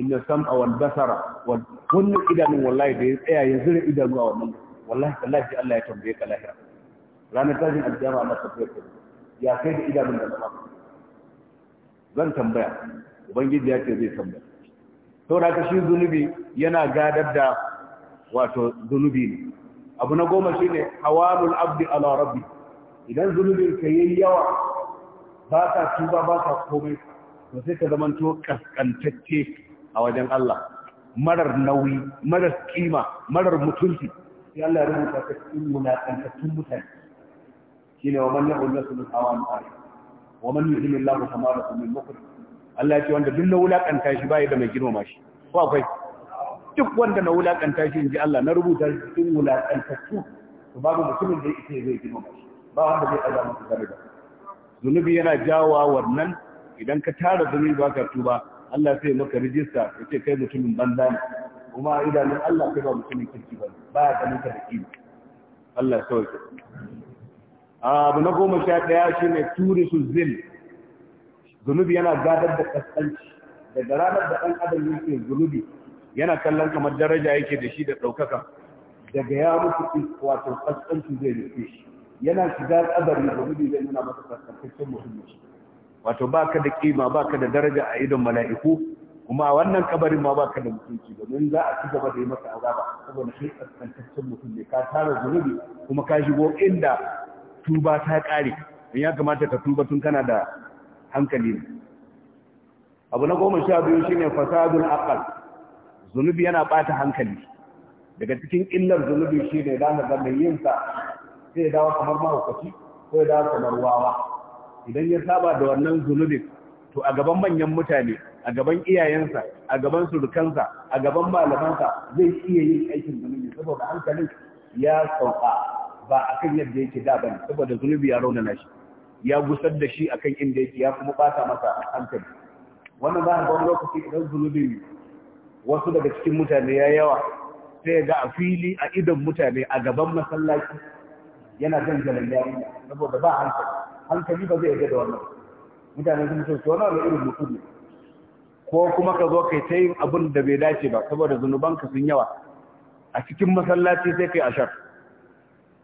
inna sam'a wal basara wannan idanun wallahi da ya tsaya ya zira idanu a wannan wallahi wallahi Allah ya tambaye ka lahira ranar tashin aljama Allah ta fiye ya kai da idanun da zama zan tambaya ubangiji ya ce zai tambaya saboda ka shi zunubi yana gadar da wato zunubi ne abu na goma shine hawalul abdi ala rabbi idan zunubin ka yayi yawa ba ka tuba ba ka komai to sai ka to kaskantacce a wajen Allah marar nauyi marar kima marar mutunci sai Allah ya rubuta ka cikin munafantattun mutane shine wa man yahul nasu min awan ari wa man yuhillu Allahu samarahu min mukrim Allah ya ce wanda duk na wulakanta shi bai da mai girmama shi ko akwai duk wanda na wulakanta shi inji Allah na rubuta cikin wulakantattu to babu mutumin da yake zai girmama shi ba wanda zai azama su gare da zunubi yana jawawar wannan idan ka tara zumi ba ka tuba Allah sai maka rijista ya ce kai mutumin banza ne kuma idanun Allah kai ba mutumin kirki ba ba ya ganin ka da kima Allah ya sauke abu na goma sha ɗaya shi ne turisu zil zunubi yana gadar da kasanci. daga ranar da ɗan adam yake zunubi yana kallon kamar daraja yake da shi da ɗaukaka daga ya mutu wato kasanci zai rufe shi yana shiga tsabari zunubi zai nuna masa kaskantaccen mutum shi wato baka da kima baka da daraja a idon mala'iku kuma wannan kabarin ma baka da mutunci domin za a ci gaba da yi masa azaba saboda shi kaskantaccen mutum ne ka tara zunubi kuma ka shigo inda tuba ta kare in ya kamata ka tuba tun kana da hankali abu na goma sha biyu shine fasadul aqal zunubi yana bata hankali daga cikin illar zunubi shine da na sai dawo kamar mahaukaci ko ya dawo kamar wawa idan ya saba da wannan zunubin to a gaban manyan mutane a gaban iyayensa a gaban surukansa a gaban malamansa zai iya yin aikin zunubi saboda hankalin ya sauka ba akan yadda yake da bane saboda zunubi ya raunana shi ya gusar da shi akan inda yake ya kuma bata masa hankali wannan ba ga lokaci idan zunubin wasu daga cikin mutane ya yawa sai ga a fili a idon mutane a gaban masallaci yana jan jalan yarinya saboda ba hankali hankali ba zai yarda da wannan mutane sun ce to wannan irin mutum ko kuma ka zo kai ta yin abin da bai dace ba saboda ka sun yawa a cikin masallaci sai kai ashar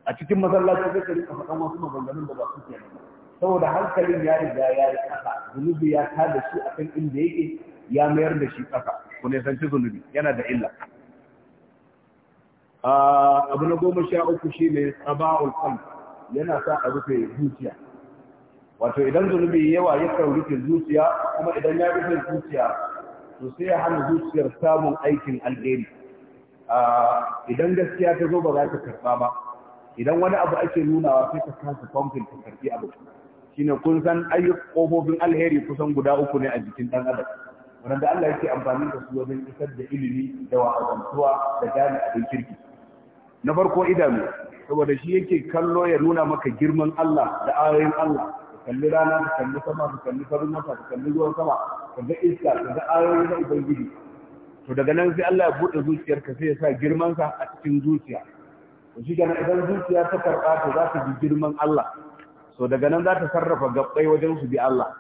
a cikin masallaci sai kai ka faɗan wasu maganganun da ba su ke saboda hankalin ya riga ya yi ƙasa zunubi ya tada shi akan inda yake ya mayar da shi ƙasa ku ci zunubi yana da illa ah, abu na goma sha uku shi ne tsaba'ul kan yana sa a rufe zuciya wato idan zunubi yawa ya kan rufe zuciya kuma idan ya rufe zuciya to sai ya hana zuciyar samun aikin alheri idan gaskiya ta zo ba za ta karba ba idan wani abu ake nunawa sai ka kasa pumping ta karbi abu shine kun san ayyukan kofofin alheri kusan guda uku ne a jikin dan adam wanda Allah yake amfani da su wajen isar da ilimi da wa'azantuwa da gane abin kirki na farko idanu saboda shi yake kallo ya nuna maka girman Allah da ayoyin Allah kalli rana ka kalli sama ka kalli farin mata ka kalli ruwan sama ka ga iska ka ga ayoyi na ubangiji to daga nan sai Allah ya buɗe zuciyarka sai ya sa girmansa a cikin zuciya to shi kenan idan zuciya ta karɓa to za ta ji girman Allah to daga nan za ta sarrafa gabbai wajen su bi Allah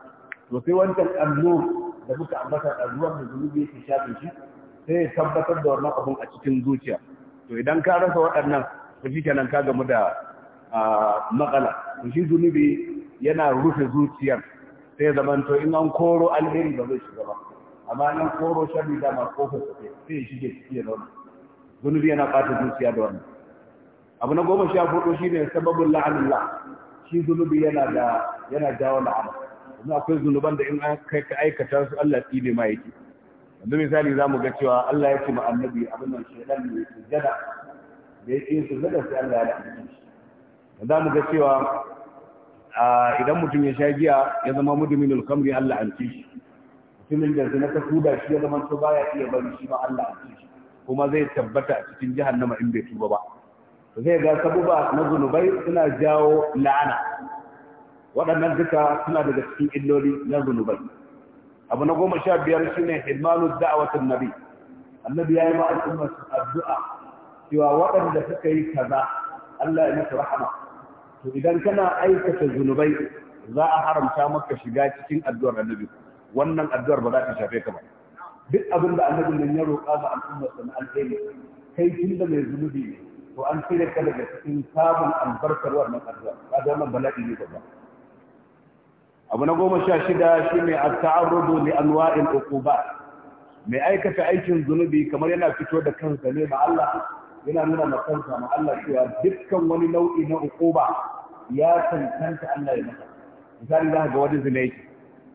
to sai wancan allo da muka ambata da ruwan da zunubi yake shafe shi sai ya tabbatar da wannan abun a cikin zuciya to idan ka rasa waɗannan to shi kenan ka gamu da ah, matsala to shi zunubi yana rufe zuciyar sai zamanto in an koro alheri ba zai shiga ba amma an koro sharri da ma kofa sai sai shige cikin ya wani, zunubi yana ɓata zuciya da wannan abu na goma sha hudu shine sababin la'anullah shi zunubi yana da yana jawo la'ana kuma akwai zunuban da in an kai ka aikata su Allah tsine ma yake yanzu misali za mu ga cewa Allah ya ce ma annabi abin nan shaidan ne jada da yake sujjada sai Allah ya da shi za mu ga cewa idan mutum ya sha giya ya zama mudumin kamri Allah an ci shi mutumin da zina ta tuda shi ya zama to baya iya bari shi ma Allah an ci shi kuma zai tabbata a cikin jahannama in bai tuba ba zai ga sabuba na zunubai suna jawo la'ana waɗannan duka suna daga cikin illoli na zunubai abu na goma sha biyar shine hidmanu da'awatin nabi annabi ya yi ma al'ummar addu'a cewa waɗanda suka yi kaza Allah ya musu rahama to idan kana aikata zunubai za a haramta maka shiga cikin addu'ar annabi wannan addu'ar ba za ta shafe ka ba duk abin da annabin nan ya roƙa ga al'ummar sa na alheri kai tun da mai zunubi ne to an cire ka daga cikin samun albarkar wannan addu'ar, ka ga wannan bala'i ne babba abu na goma sha shida shi ne at-ta'arrudu li anwa'il ba mai aikata aikin zunubi kamar yana fito da kansa ne ba Allah yana nuna makansa ma Allah cewa dukkan wani nau'i na hukuma ya tantanta Allah ya masa misali za ga wani zina yake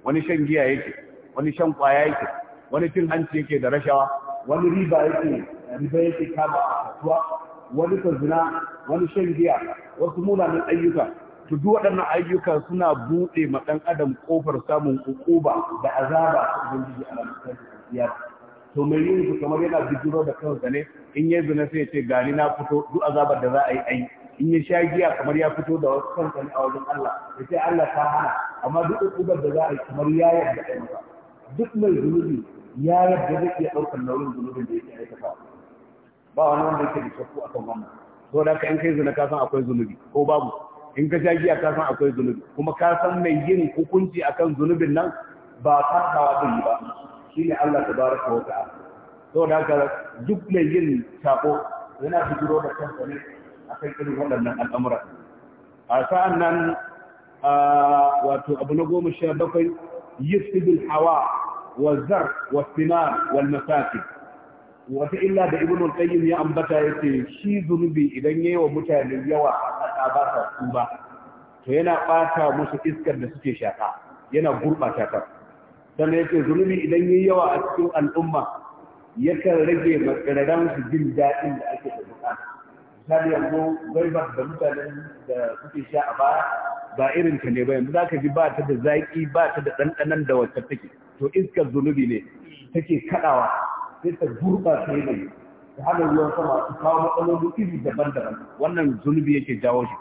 wani shan giya yake wani shan kwaya yake wani cin hanci yake da rashawa wani riba yake riba yake kaba a kasuwa wani zina wani shan giya wasu munanan ayyuka to duk waɗannan ayyuka suna buɗe ma ɗan adam ƙofar samun hukuma da azaba a ubangiji a ranar kiyama to mai yin su kamar yana bijiro da kansa ne in ya zina sai ce gani na fito duk azabar da za a yi ai in ya sha giya kamar ya fito da wasu kansa ne a wajen Allah ya ce Allah ta hana amma duk ukubar da za a yi kamar ya yarda kai masa duk mai zunubi ya yarda zai iya ɗaukar nauyin zunubin da yake aikata ba wani wanda yake da shakku akan wannan to da in kai zina ka san akwai zunubi ko babu in ka sha giya ka san akwai zunubi kuma ka san mai yin hukunci akan zunubin nan ba fasawa zai yi ba shine Allah tabaraka wa ta'ala to da haka duk mai yin sako yana fitiro da kansa ne akan irin waɗannan al'amura a sa'an nan wato abu na goma sha bakwai yusibul hawa wa zar wa sinar wal masakin wata illa da ibn al-qayyim ya ambata yace shi zunubi idan yayi wa mutane yawa a ba sa su ba to yana bata musu iskar da suke shaka yana gurbata ta sannan yake zunubi idan yi yawa a cikin al'umma yakan rage matsiraran su jin daɗin da ake da bukata misali yanzu gwaibar da mutanen da suke sha a baya ba irin ta ne ba yanzu za ka ji ba ta da zaƙi ba ta da ɗanɗanan da wacce take to iskar zunubi ne take kaɗawa sai ta gurɓata yanayi ta hana ruwan sama su kawo matsaloli iri daban-daban wannan zunubi yake jawo shi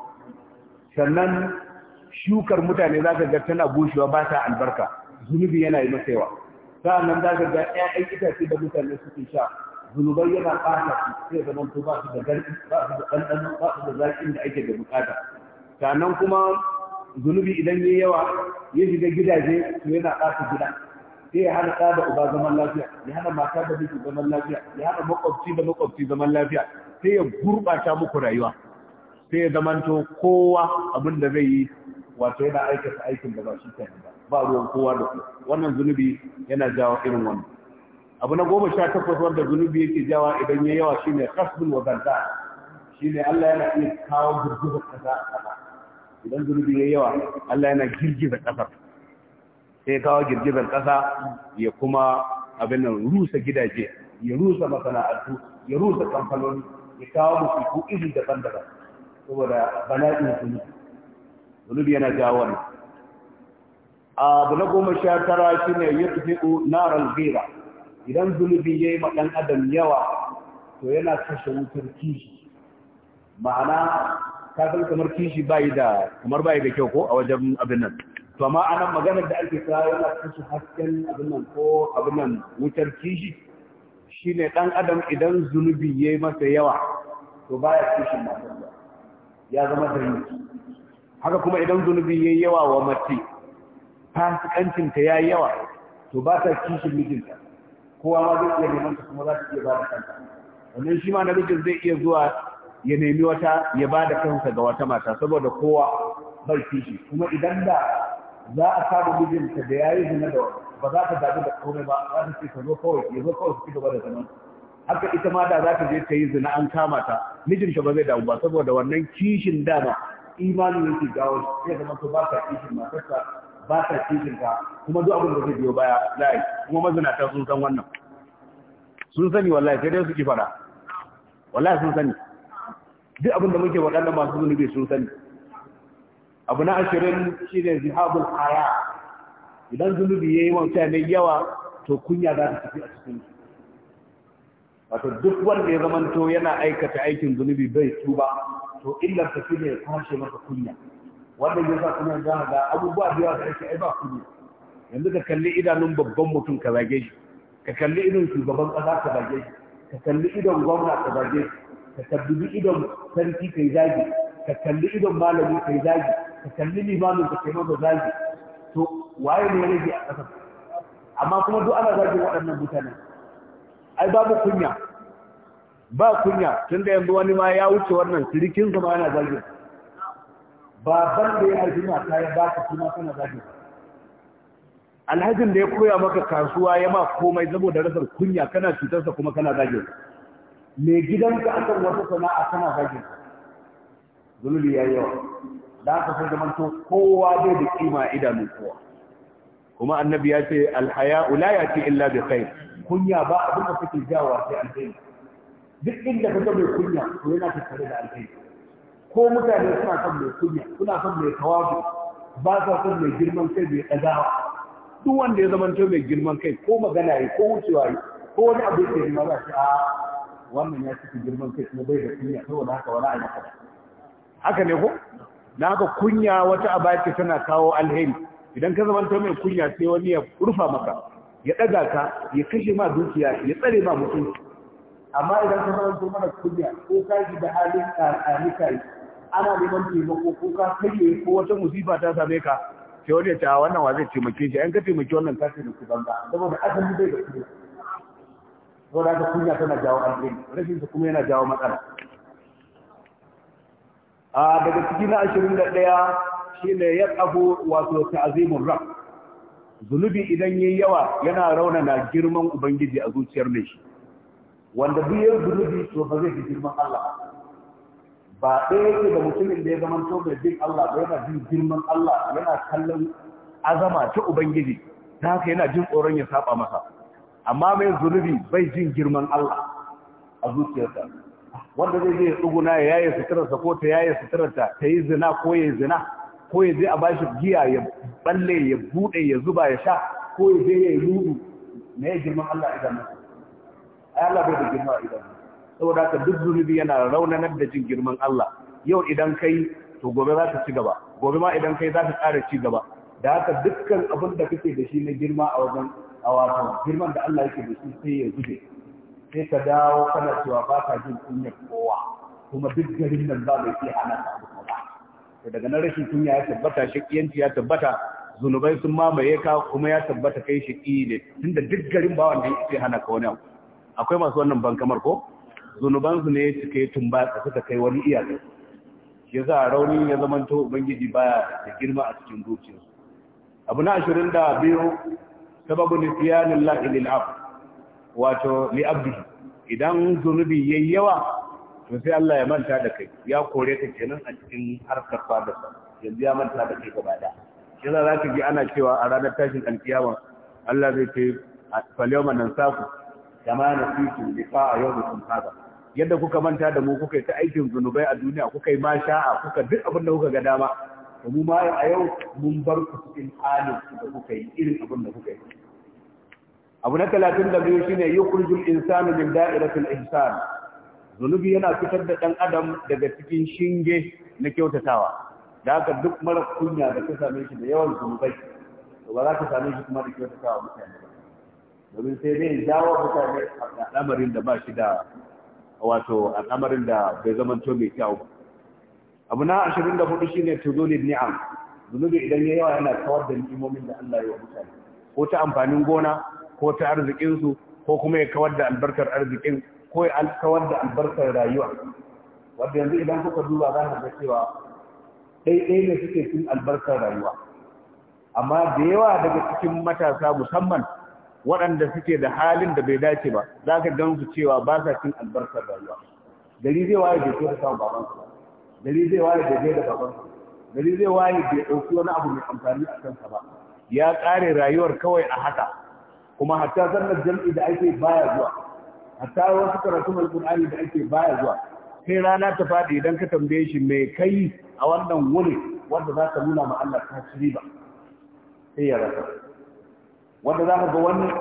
sannan shukar mutane za ka ga tana bushewa ba ta albarka zunubi yana yi masa yawa sa'annan da ga ƴaƴan itace da mutane suke sha zunubai yana ɓata su sai zama to ba su da garɗi ba su da ɗanɗano ba su da zaƙin da ake da buƙata sa'annan kuma zunubi idan yayi yawa ya shiga gidaje to yana ɓata gida sai ya hana ɗa da uba zaman lafiya ya hana mata da miji zaman lafiya ya hana makwabci da makwabci zaman lafiya sai ya gurɓata muku rayuwa sai ya zamanto kowa abin da zai yi wato yana aikata aikin da ba shi ba ba ruwan kowa da ku wannan zunubi yana jawo irin wannan abu na goma sha takwas wanda zunubi yake jawa idan ya yawa shine kasbul wa shi shine Allah yana iya kawo girgizar kasa a kasa idan zunubi ya yawa Allah yana girgiza kasa sai kawo girgizar kasa ya kuma abin nan rusa gidaje ya rusa masana'antu ya rusa kamfanoni ya kawo musu iri daban-daban saboda bala'in zunubi zunubi yana jawo ne abu na goma sha tara shi ne ya tafi narar zira idan zunubi ya yi maɗan adam yawa to yana kashe wutar kishi ma'ana kafin san kamar kishi bayi da kamar bayi da kyau ko a wajen abin nan to amma anan maganar da ake kawo yana kashe hasken abin nan ko abin nan wutar kishi shi ne dan adam idan zunubi ya yi masa yawa to baya kishin masu ya zama da haka kuma idan zunubi ya yi yawa wa mace fasikancin ya yi yawa to ba ta kishin mijinta kowa ma zai iya neman ta kuma za ta iya ba da kanta wannan shi ma na mijin zai iya zuwa ya nemi wata ya ba da kansa ga wata mata saboda kowa bai kishi kuma idan da za a samu mijinta da ya yi zina da ba za ta zaɓi da komai ba za ta ce ta zo kawai ya zo kawai su ci gaba da zaman haka ita ma da za ta je ta yi zina an kama ta mijinta ba zai damu ba saboda wannan kishin dama imani yake gawo ya zama to ba ka kishin matarsa ba ka kishin ka kuma duk abin da zai biyo baya lai kuma mazinata sun san wannan sun sani wallahi sai dai su kifara wallahi sun sani duk abin da muke wadannan masu zunubi sun sani abu na ashirin shi ne zihabul haya idan zunubi ya yi mai yawa to kunya za ta tafi a cikin su wato duk wanda ya zama zamanto yana aikata aikin zunubi bai tuba to illar ta shine ya kwashe maka kunya wannan ya sa kuma ga ga abubuwa da yawa sai ake ai ba kunya yanzu ka kalli idanun babban mutum ka zage shi ka kalli idon shugaban kasa ka zage shi ka kalli idon gwamna ka zage shi ka tabbibi idon sarki kai zagi ka kalli idon malami kai zagi ka kalli limamin ka kai zagi to waye ne ya rage a ƙasar amma kuma duk ana zage waɗannan mutanen ai babu kunya ba kunya tunda yanzu wani ma ya wuce wannan sirikin sa ma yana zagin baban da ya haifi ma ta ya baka suna kana zagin alhajin da ya koya maka kasuwa ya ma komai saboda rasar kunya kana cutarsa kuma kana zagin mai gidanka akan wata sana'a kana zagin zunubi ya yi yawa da aka sai to kowa zai da kima idanun kowa kuma annabi ya ce alhaya ulaya ce illa bi khair kunya ba abin da suke jawowa sai alheri duk inda ka mai kunya to yana tattare da alheri ko mutane suna son mai kunya suna son mai tawazu ba sa son mai girman kai mai ɗagawa duk wanda ya zamanto mai girman kai ko magana yi ko wucewa yi ko wani abu ya ya ba shi a wannan ya cika girman kai kuma bai da kunya saboda haka wani a maka haka ne ko na haka kunya wata abaki tana kawo alheri idan ka zamanto mai kunya sai wani ya rufa maka ya ɗaga ka ya kashe ma dukiya ya tsare ma mutunci amma idan ka zama zo mana kunya ko ka ji da halin ƙarƙani kai ana neman taimako ko ka kai, ko wata musiba ta same ka sai wani ya wannan wa zai taimake shi an ka taimaki wannan ka su banga. saboda asali bai da kunya da ka kunya tana jawo alheri rashin sa kuma yana jawo matsala a daga cikin na ashirin da ɗaya shine ya ƙafo wato ta'azimun rab zunubi idan yayi yawa yana raunana girman ubangiji a zuciyar mai shi wanda duk yayin zunubi to ba zai fi girman Allah ba ɗaya yake da mutumin da ya zama to mai bin Allah ba yana jin girman Allah yana kallon azama ta ubangiji ta haka yana jin tsoron ya saba masa amma mai zunubi bai jin girman Allah a zuciyarsa wanda zai je ya tsuguna ya yaye suturarsa ko ta yaye suturarta ta yi zina ko ya zina ko ya je a bashi giya ya balle ya bude ya zuba ya sha ko ya je ya yi na ya girman Allah idan nan ai Allah bai da girma idan saboda haka duk zunubi yana raunanar da jin girman Allah yau idan kai to gobe za ka ci gaba gobe ma idan kai za ka ƙara ci gaba da haka dukkan abin da kake da shi na girma a wajen a wato girman da Allah yake da shi sai ya zube sai ka dawo kana cewa ba ka jin kunyar kowa kuma duk garin nan za mu iya hana ka to daga nan rashin kunya ya tabbata shakiyanci ya tabbata zunubai sun mamaye ka kuma ya tabbata kai shaki ne tunda duk garin ba wanda yake hana ka wani akwai masu wannan bankamar ko zunuban su ne suka yi tumbatsa suka kai wani iyaka shi yasa rauni ya to ubangiji baya da girma a cikin zuciyarsu abu na ashirin da biyu sababu nisiyanin la'ilil ab wato li'abdi idan zunubi yayi yawa to sai Allah ya manta da kai ya kore ka kenan a cikin harkar fadarsa yanzu ya manta da kai gaba da shi za ka ji ana cewa a ranar tashin alkiyama Allah zai ce falyawma nan saku kama na fitu liqa a yau mutum hada yadda kuka manta da mu kuka yi ta aikin zunubai a duniya kuka yi masha'a kuka duk abin da kuka ga dama to mu ma a yau mun bar ku cikin halin da kuka yi irin abin da kuka yi abu na talatin da biyu shine yukhrijul insanu min da'iratil ihsan zunubi yana fitar da ɗan adam daga cikin shinge na kyautatawa da haka duk mara kunya da ka same shi da yawan zunubai to ba za ka same shi kuma da kyautatawa mutane ba domin sai dai jawo mutane al'amarin da ba shi da wato al'amarin da bai zamanto mai kyau ba abu na ashirin da hudu shine tuzulin ni'am zunubi idan ya yawa yana kawar da ni'imomin da Allah ya wa mutane ko ta amfanin gona ko ta arzikinsu ko kuma ya kawar da albarkar arzikin ko ya kawar da albarkar rayuwa wanda yanzu idan kuka duba za ka ga cewa ɗaiɗai ne suke cin albarkar rayuwa amma da yawa daga cikin matasa musamman waɗanda suke da halin da bai dace ba za ka gan su cewa ba sa cin albarkar rayuwa gari zai waye da ke da samun su gari zai waye da ke da su. gari zai waye da ɗauki wani abu mai amfani a kansa ba ya ƙare rayuwar kawai a haka kuma hatta zannar jam'i da ake baya zuwa hatta wasu karatun alkur'ani da ake baya zuwa sai rana ta faɗi idan ka tambaye shi mai kai a wannan wuri wanda za ka nuna ma Allah ta shiri ba sai ya rasa wanda za ka ga wani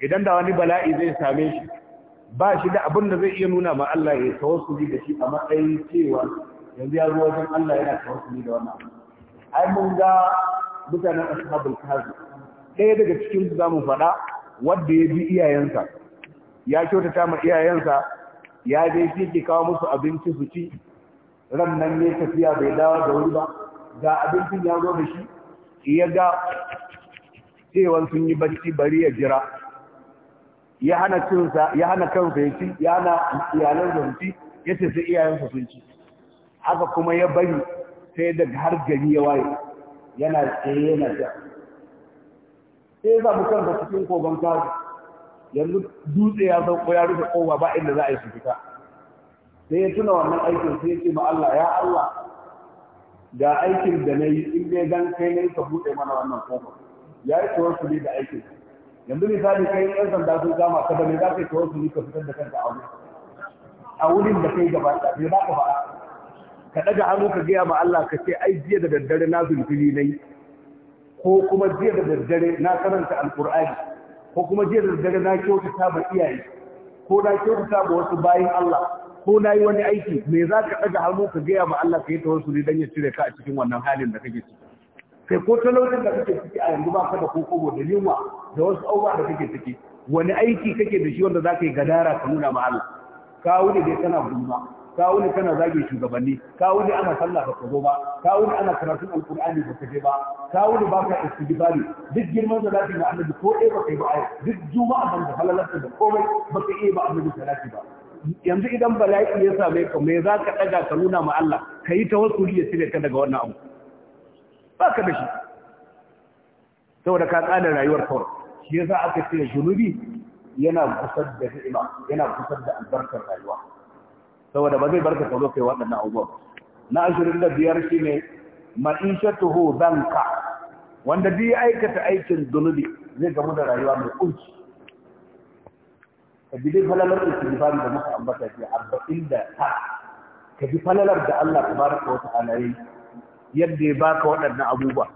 idan da wani bala'i zai same shi ba shi da abin da zai iya nuna ma Allah ya tawassuli da shi a matsayin cewa yanzu ya zo wajen Allah yana tawassuli da wannan ai mun ga mutanen ashabul kazi ɗaya daga cikin su zamu faɗa wanda ya bi iyayensa ya kyautata ma iyayensa ya je shi kawo musu abinci su ci ran nan ne tafiya bai dawo da wuri ba ga abincin ya zo da shi ya ga cewa sun yi bacci bari ya jira ya hana cinsa ya hana kansa ya ci ya hana iyalan da ci ya ce sai iyayensa sun ci haka kuma ya bari sai daga har gari ya waye yana tsaye yana ja sai ya zaɓi kansa cikin kogon kaji yanzu dutse ya sauko ya rufe kowa ba inda za a yi su fita sai ya tuna wannan aikin sai ya ce ma Allah ya Allah ga aikin da na yi in dai dan kai na yi ka buɗe mana wannan kofar ya yi tawar su ne da aikin yanzu misali kai yan sanda sun kama ka da me za ka yi tawar su ne ka fitar da kanka a wurin a wurin da kai gaba da me za ka faɗa ka ɗaga hannu ka gaya ma Allah ka ce ai jiya da daddare na zulfili na yi ko kuma jiya da daddare na karanta alƙur'ani ko kuma jiya da daga na kyautata ba iyaye ko na kyautata ba wasu bayin Allah ko na yi wani aiki me za ka ɗaga hannu ka gaya ma Allah ka yi ne dan ya cire ka a cikin wannan halin da kake ciki Sai ko talaucin da kake ciki a yanzu ba ka da kokobo da yunwa da wasu abubuwa da kake ciki wani aiki kake da shi wanda za ka yi gadara ka nuna ma Allah ka wuni dai kana gulma ka wuni kana zagin shugabanni ka wuni ana sallah ba ka zo ba ka wuni ana karatun alqur'ani ba ka je ba ka wuni ba ka istighfari duk girman da zaki na annabi ko ɗaya ba kai ba ai duk juma'a ban da halalarsa da komai ba ka iya ba annabi salati ba yanzu idan bala'i ya same ka me za ka ɗaga ka nuna ma Allah ka yi ta wasu ya cire ka daga wannan abu ba ka da shi saboda ka tsada rayuwar kawar shi ya za aka ce junubi? yana kusar da ni'ima yana kusar da albarkar rayuwa saboda ba zai barka ka zo kai waɗannan abubuwan na ashirin da biyar shi ne ma'ishatuhu zanka wanda bi aikata aikin zunubi zai gamu da rayuwa mai kunci ka bi dai su istighfari da muka ambata ke arba'in da ta ka bi falalar da Allah bari ka wata yi yadda ya baka waɗannan abubuwa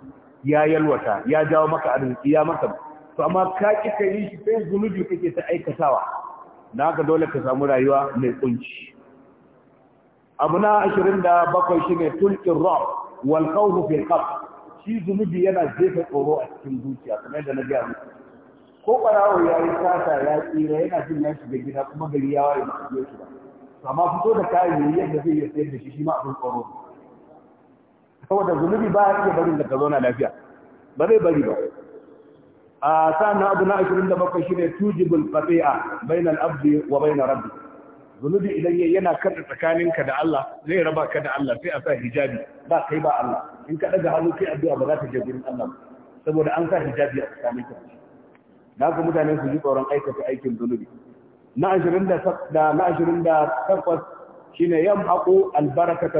ya yalwata ya jawo maka arziki ya maka to amma ka ki ka yi shi sai zunubi kake ta aikatawa na ka dole ka samu rayuwa mai kunci أبناء عشرين دا بقوا يشيني تلك الرعب والقوض في القبر شيء زمدي ينا زيفة قروع السندوشي أتمنى أن نبيع مصر كوبا راو يا إساسا يا إيرينا في الناس بجينا كما قلي يا وي محبية شبا فما فتو دكاين يجد في يسير بشيشي معه القرون هو دا زمدي باعت يبالي لك دونا لفيا بدي بدي بقى آسان أبناء عشرين دا بقوا يشيني توجب القطيعة بين الأبد وبين ربي zunubi idan yayi yana karɗa tsakaninka da Allah zai raba ka da Allah sai a sa hijabi ba kai ba Allah in ka daga hannu kai addu'a ba za ta je gurin Allah saboda an sa hijabi a tsakaninka na ga mutane su yi tsoron aikata aikin zunubi na ashirin da na 28 shine yamhaqu albarakata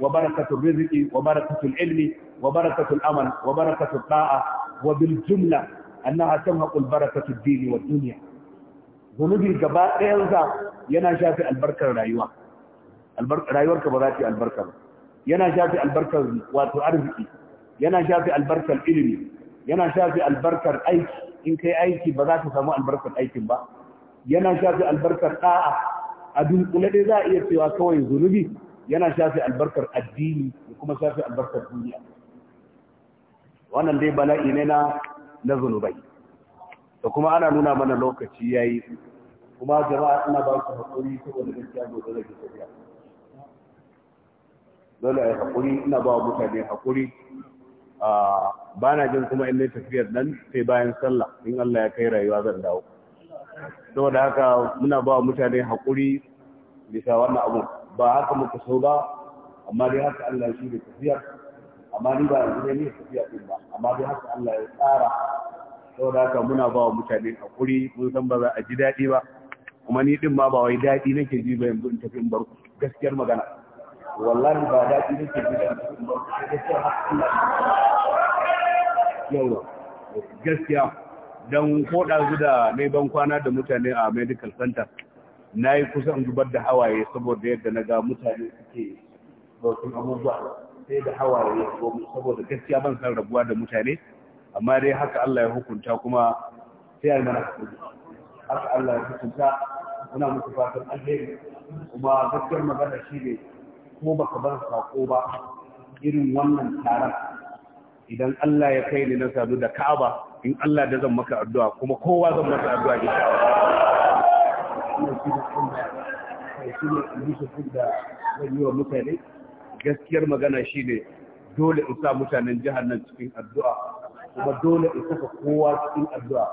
wa barakatu riziki, wa barakatu ilmi wa barakatul amal wa barakatu ta'a wa bil jumla annaha tamhaqu albarakatu ad dini wa duniya. dunya zunubi gaba ɗayansa yana shafi albarkar rayuwa rayuwarka ba za ta yi albarkar yana shafi albarkar wato arziki yana shafi albarkar ilimi yana shafi albarkar aiki in kai aiki ba za ka samu albarkar aikin ba yana shafi albarkar ɗa'a a dunkule dai za a iya cewa kawai zunubi yana shafi albarkar addini da kuma shafi albarkar duniya wannan dai bala'i ne na na zunubai da kuma ana nuna mana lokaci ya yi kuma jama'a suna ba su haƙuri saboda gaskiya gobe da ke tafiya dole a yi haƙuri ina ba wa mutane haƙuri ba na jin kuma in tafiyar nan sai bayan sallah in Allah ya kai rayuwa zan dawo da haka muna ba wa mutane haƙuri bisa wannan abu ba haka muka so ba amma dai haka Allah shi da tafiyar amma ni ba yanzu ne ne tafiya ɗin ba amma dai haka Allah ya tsara saboda haka muna ba wa mutane hakuri mun san ba za a ji daɗi ba kuma ni din ma ba wai daɗi nake ji ba yanzu in tafi in barku gaskiyar magana wallahi ba daɗi nake ji da in barku yawa gaskiya don ko ɗazu da na ban kwana da mutane a medical center na yi kusan zubar da hawaye saboda yadda na ga mutane suke bautin abubuwa sai da hawaye saboda gaskiya ban san rabuwa da mutane amma dai haka Allah ya hukunta kuma sai ya mana haka Allah ya hukunta muna muku fatan alheri kuma gaskiyar magana shi ne ko baka bar sako ba irin wannan taron idan Allah ya kai ni na sadu da Ka'aba in Allah da zan maka addu'a kuma kowa zan maka addu'a insha Allah mutane gaskiyar magana shine dole in sa mutanen jihar nan cikin addu'a kuma dole in saka kowa cikin addu'a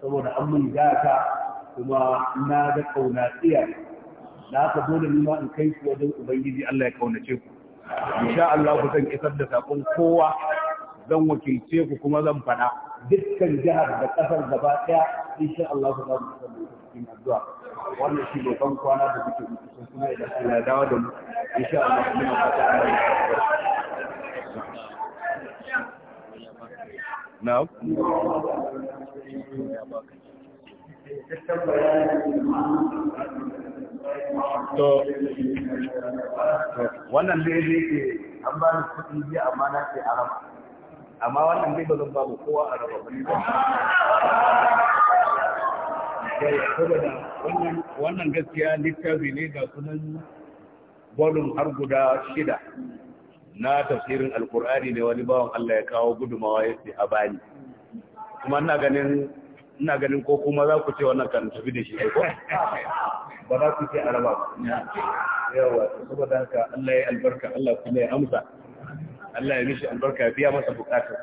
saboda an mun gata kuma na ga kauna tsiya da haka dole ni ma in kai ku wajen ubangiji Allah ya kaunace ku insha Allah ku zan isar da sakon kowa zan wakilce ku kuma zan fada dukkan jihar da kasar gaba daya insha Allah ku zan isar da cikin addu'a wannan shi ne kwana da kuke yi kuma idan Allah ya dawo da mu insha Allah mu fata da ya na to wannan dai ke an ba ni kuɗi biya amma na araba amma wannan dai ba zan kowa araba ba wannan gaskiya littafi ne ga sunan bolin har guda shida na tafsirin alkur'ani ne wani bawan Allah ya kawo gudumawa ya ce a bani kuma ina ganin ina ganin ko kuma za ku ce wannan kan tafi da shi ko ba za ku ce a raba ku yawa saboda haka Allah ya albarka Allah kuma ya amsa Allah ya mishi albarka ya biya masa bukatar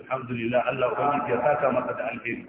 alhamdulillah Allah ubangiji ya saka masa da alheri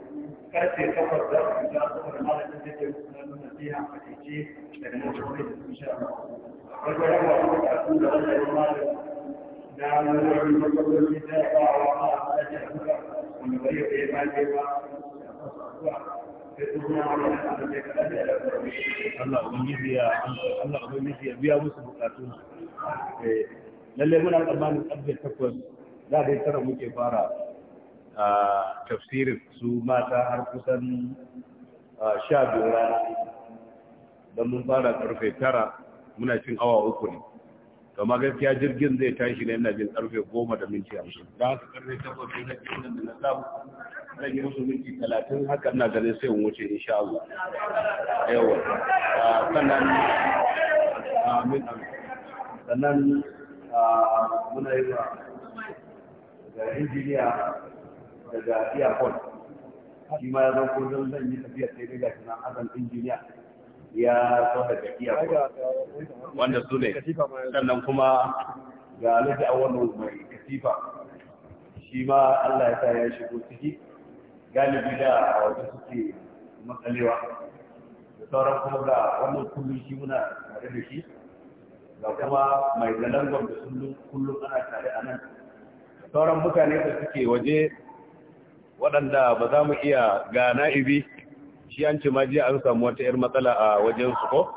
karfe takwas da su ga saboda malamin da ke kuma nuna fiye a fakaice daga nan kawai da sun sha ba. Wato yan wasu da su da wanda ya malamin da nuna matsaloli da ya ba wa ma a tsaye da suka wanda bai yi bai ma ke ba. Allah Ubangiji ya Allah Ubangiji ya biya musu bukatu. Lalle muna tsammanin karfe takwas za a dai tara muke fara tafsirin su mata har kusan sha biyu rana don mun fara karfe tara muna cin awa uku ne kamar gaskiya jirgin zai tashi na yana jin karfe goma da minti hamsin da haka karfe takwas na nan da na samu zan yi musu minti talatin haka na ganin sai wuce insha Allah yawa sannan amin amin sannan muna yi ba ga injiniya daga airport shi ma ya ko zan zan yi tafiya sai daga shi nan azan injiniya ya zo daga airport wanda su ne sannan kuma ga alaji awon mai katifa shi ma Allah ya sa ya shigo ciki galibi da wata suke matsalewa da sauran kuma ga wannan kullum shi muna tare da shi ga kuma mai galangon da kullum ana tare a nan sauran mutane da suke waje waɗanda ba za mu iya ga na'ibi shi an ce ma jiya an samu wata 'yar matsala a wajen su ko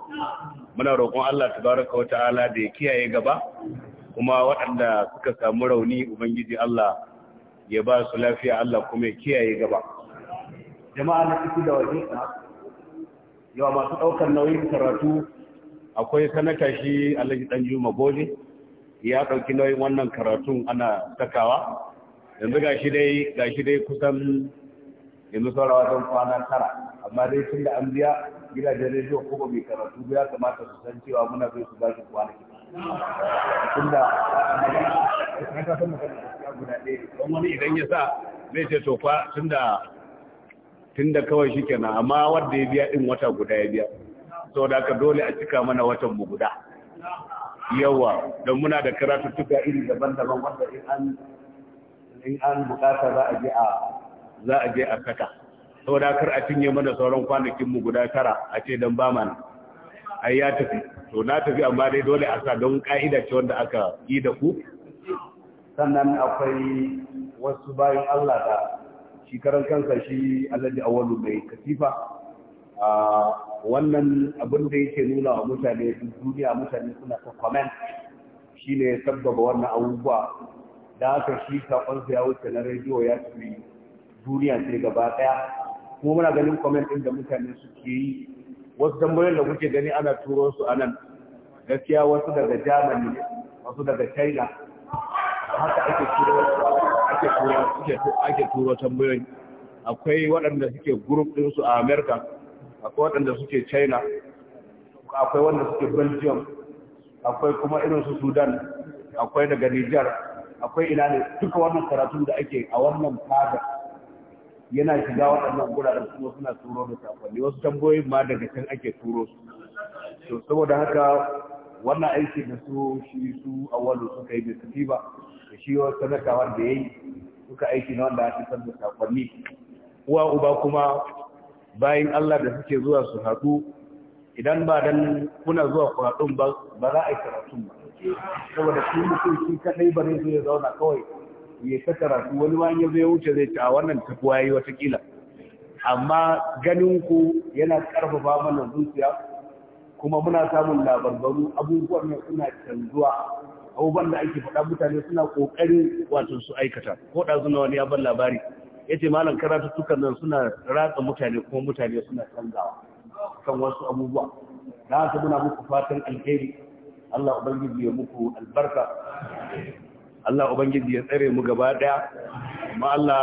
muna roƙon Allah tabaraka wa ta'ala da ya kiyaye gaba kuma waɗanda suka samu rauni ubangiji Allah ya ba su lafiya Allah kuma ya kiyaye gaba jama'a na ciki da waje yawa masu ɗaukar nauyin karatu akwai sanata shi Alhaji Danjuma Goje ya ɗauki nauyin wannan karatun ana sakawa yanzu ga shi dai ga shi dai kusan yanzu saurawa don kwana tara amma dai tun da an biya gidajen rediyo ko ba mai karatu ba ya kamata su san cewa muna zai su bashi kwanaki tun da ta san guda ɗaya don wani idan ya sa zai ce tofa tun da tun da kawai shi kenan amma wanda ya biya ɗin wata guda ya biya sau da aka dole a cika mana watan mu guda yawa don muna da tuka iri daban-daban wanda in an in an bukata za a je a za a je a saka saboda kar a cinye mana sauran kwanakin mu guda tara a ce dan ba mana ai ya tafi to na tafi amma dai dole a sa don ka'ida ce wanda aka yi da ku sannan akwai wasu bayan Allah da shi karan kansa shi Alhaji Awwalu mai katifa a wannan abin da yake nuna wa mutane duniya mutane suna ta comment shine sabbaba wannan abubuwa da aka shi sakonsa ya wuce na rediyo ya turi duniya ce gaba daya kuma muna ganin comment din da mutane suke yi wasu tambayoyin da kuke gani ana turo su anan gaskiya wasu daga Germany wasu daga China haka ake turo ake turo ake ake turo tambayoyi akwai waɗanda suke group din su a America akwai waɗanda suke China akwai wanda suke Belgium akwai kuma irin su Sudan akwai daga Niger akwai ina ne duka wannan karatu da ake a wannan fada yana shiga waɗannan guraren kuma suna turo da sakonni wasu tambayoyin ma daga can ake turo su to saboda haka wannan aiki da su shi su awalu suka yi da su ba da shi wa sanatawar wanda ya yi suka aiki na wanda ake san da sakonni uwa uba kuma bayan Allah da suke zuwa su haɗu idan ba dan kuna zuwa ku ba za a yi karatun ba saboda shi mutum shi kadai ba zai ya zauna kawai ya ta karatu wani ma ya zai wuce zai ta wannan tafiya yi watakila amma ganin ku yana karfafa mana zuciya kuma muna samun labarbaru abubuwan nan suna canzuwa abubuwan da ake faɗa mutane suna ƙoƙarin wato su aikata ko da zuna wani ya ban labari ya ce malam tukan nan suna ratsa mutane kuma mutane suna canzawa kan wasu abubuwa na haka muna muku fatan alheri Allah ubangiji ya muku albarka Allah ubangiji ya tsare mu gaba daya amma Allah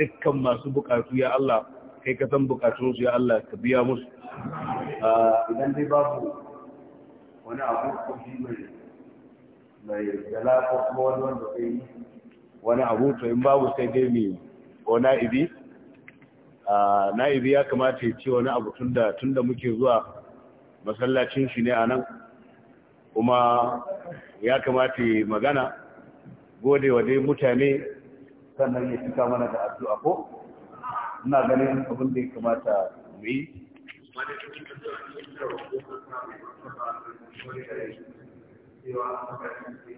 dukkan masu bukatu ya Allah kai ka san bukatun su ya Allah ka biya musu ah, idan dai babu wani abu kuɗi mai mai dala ko kuma wani wanda sai wani abu to in babu sai dai mai ko na'ibi ah, na'ibi ya kamata ya ce wani abu tunda tunda muke zuwa masallacin shi ne a nan kuma ya kamata magana gode wa dai mutane sannan ya cika mana da addu'a ko ina ganin abin da ya kamata mu yi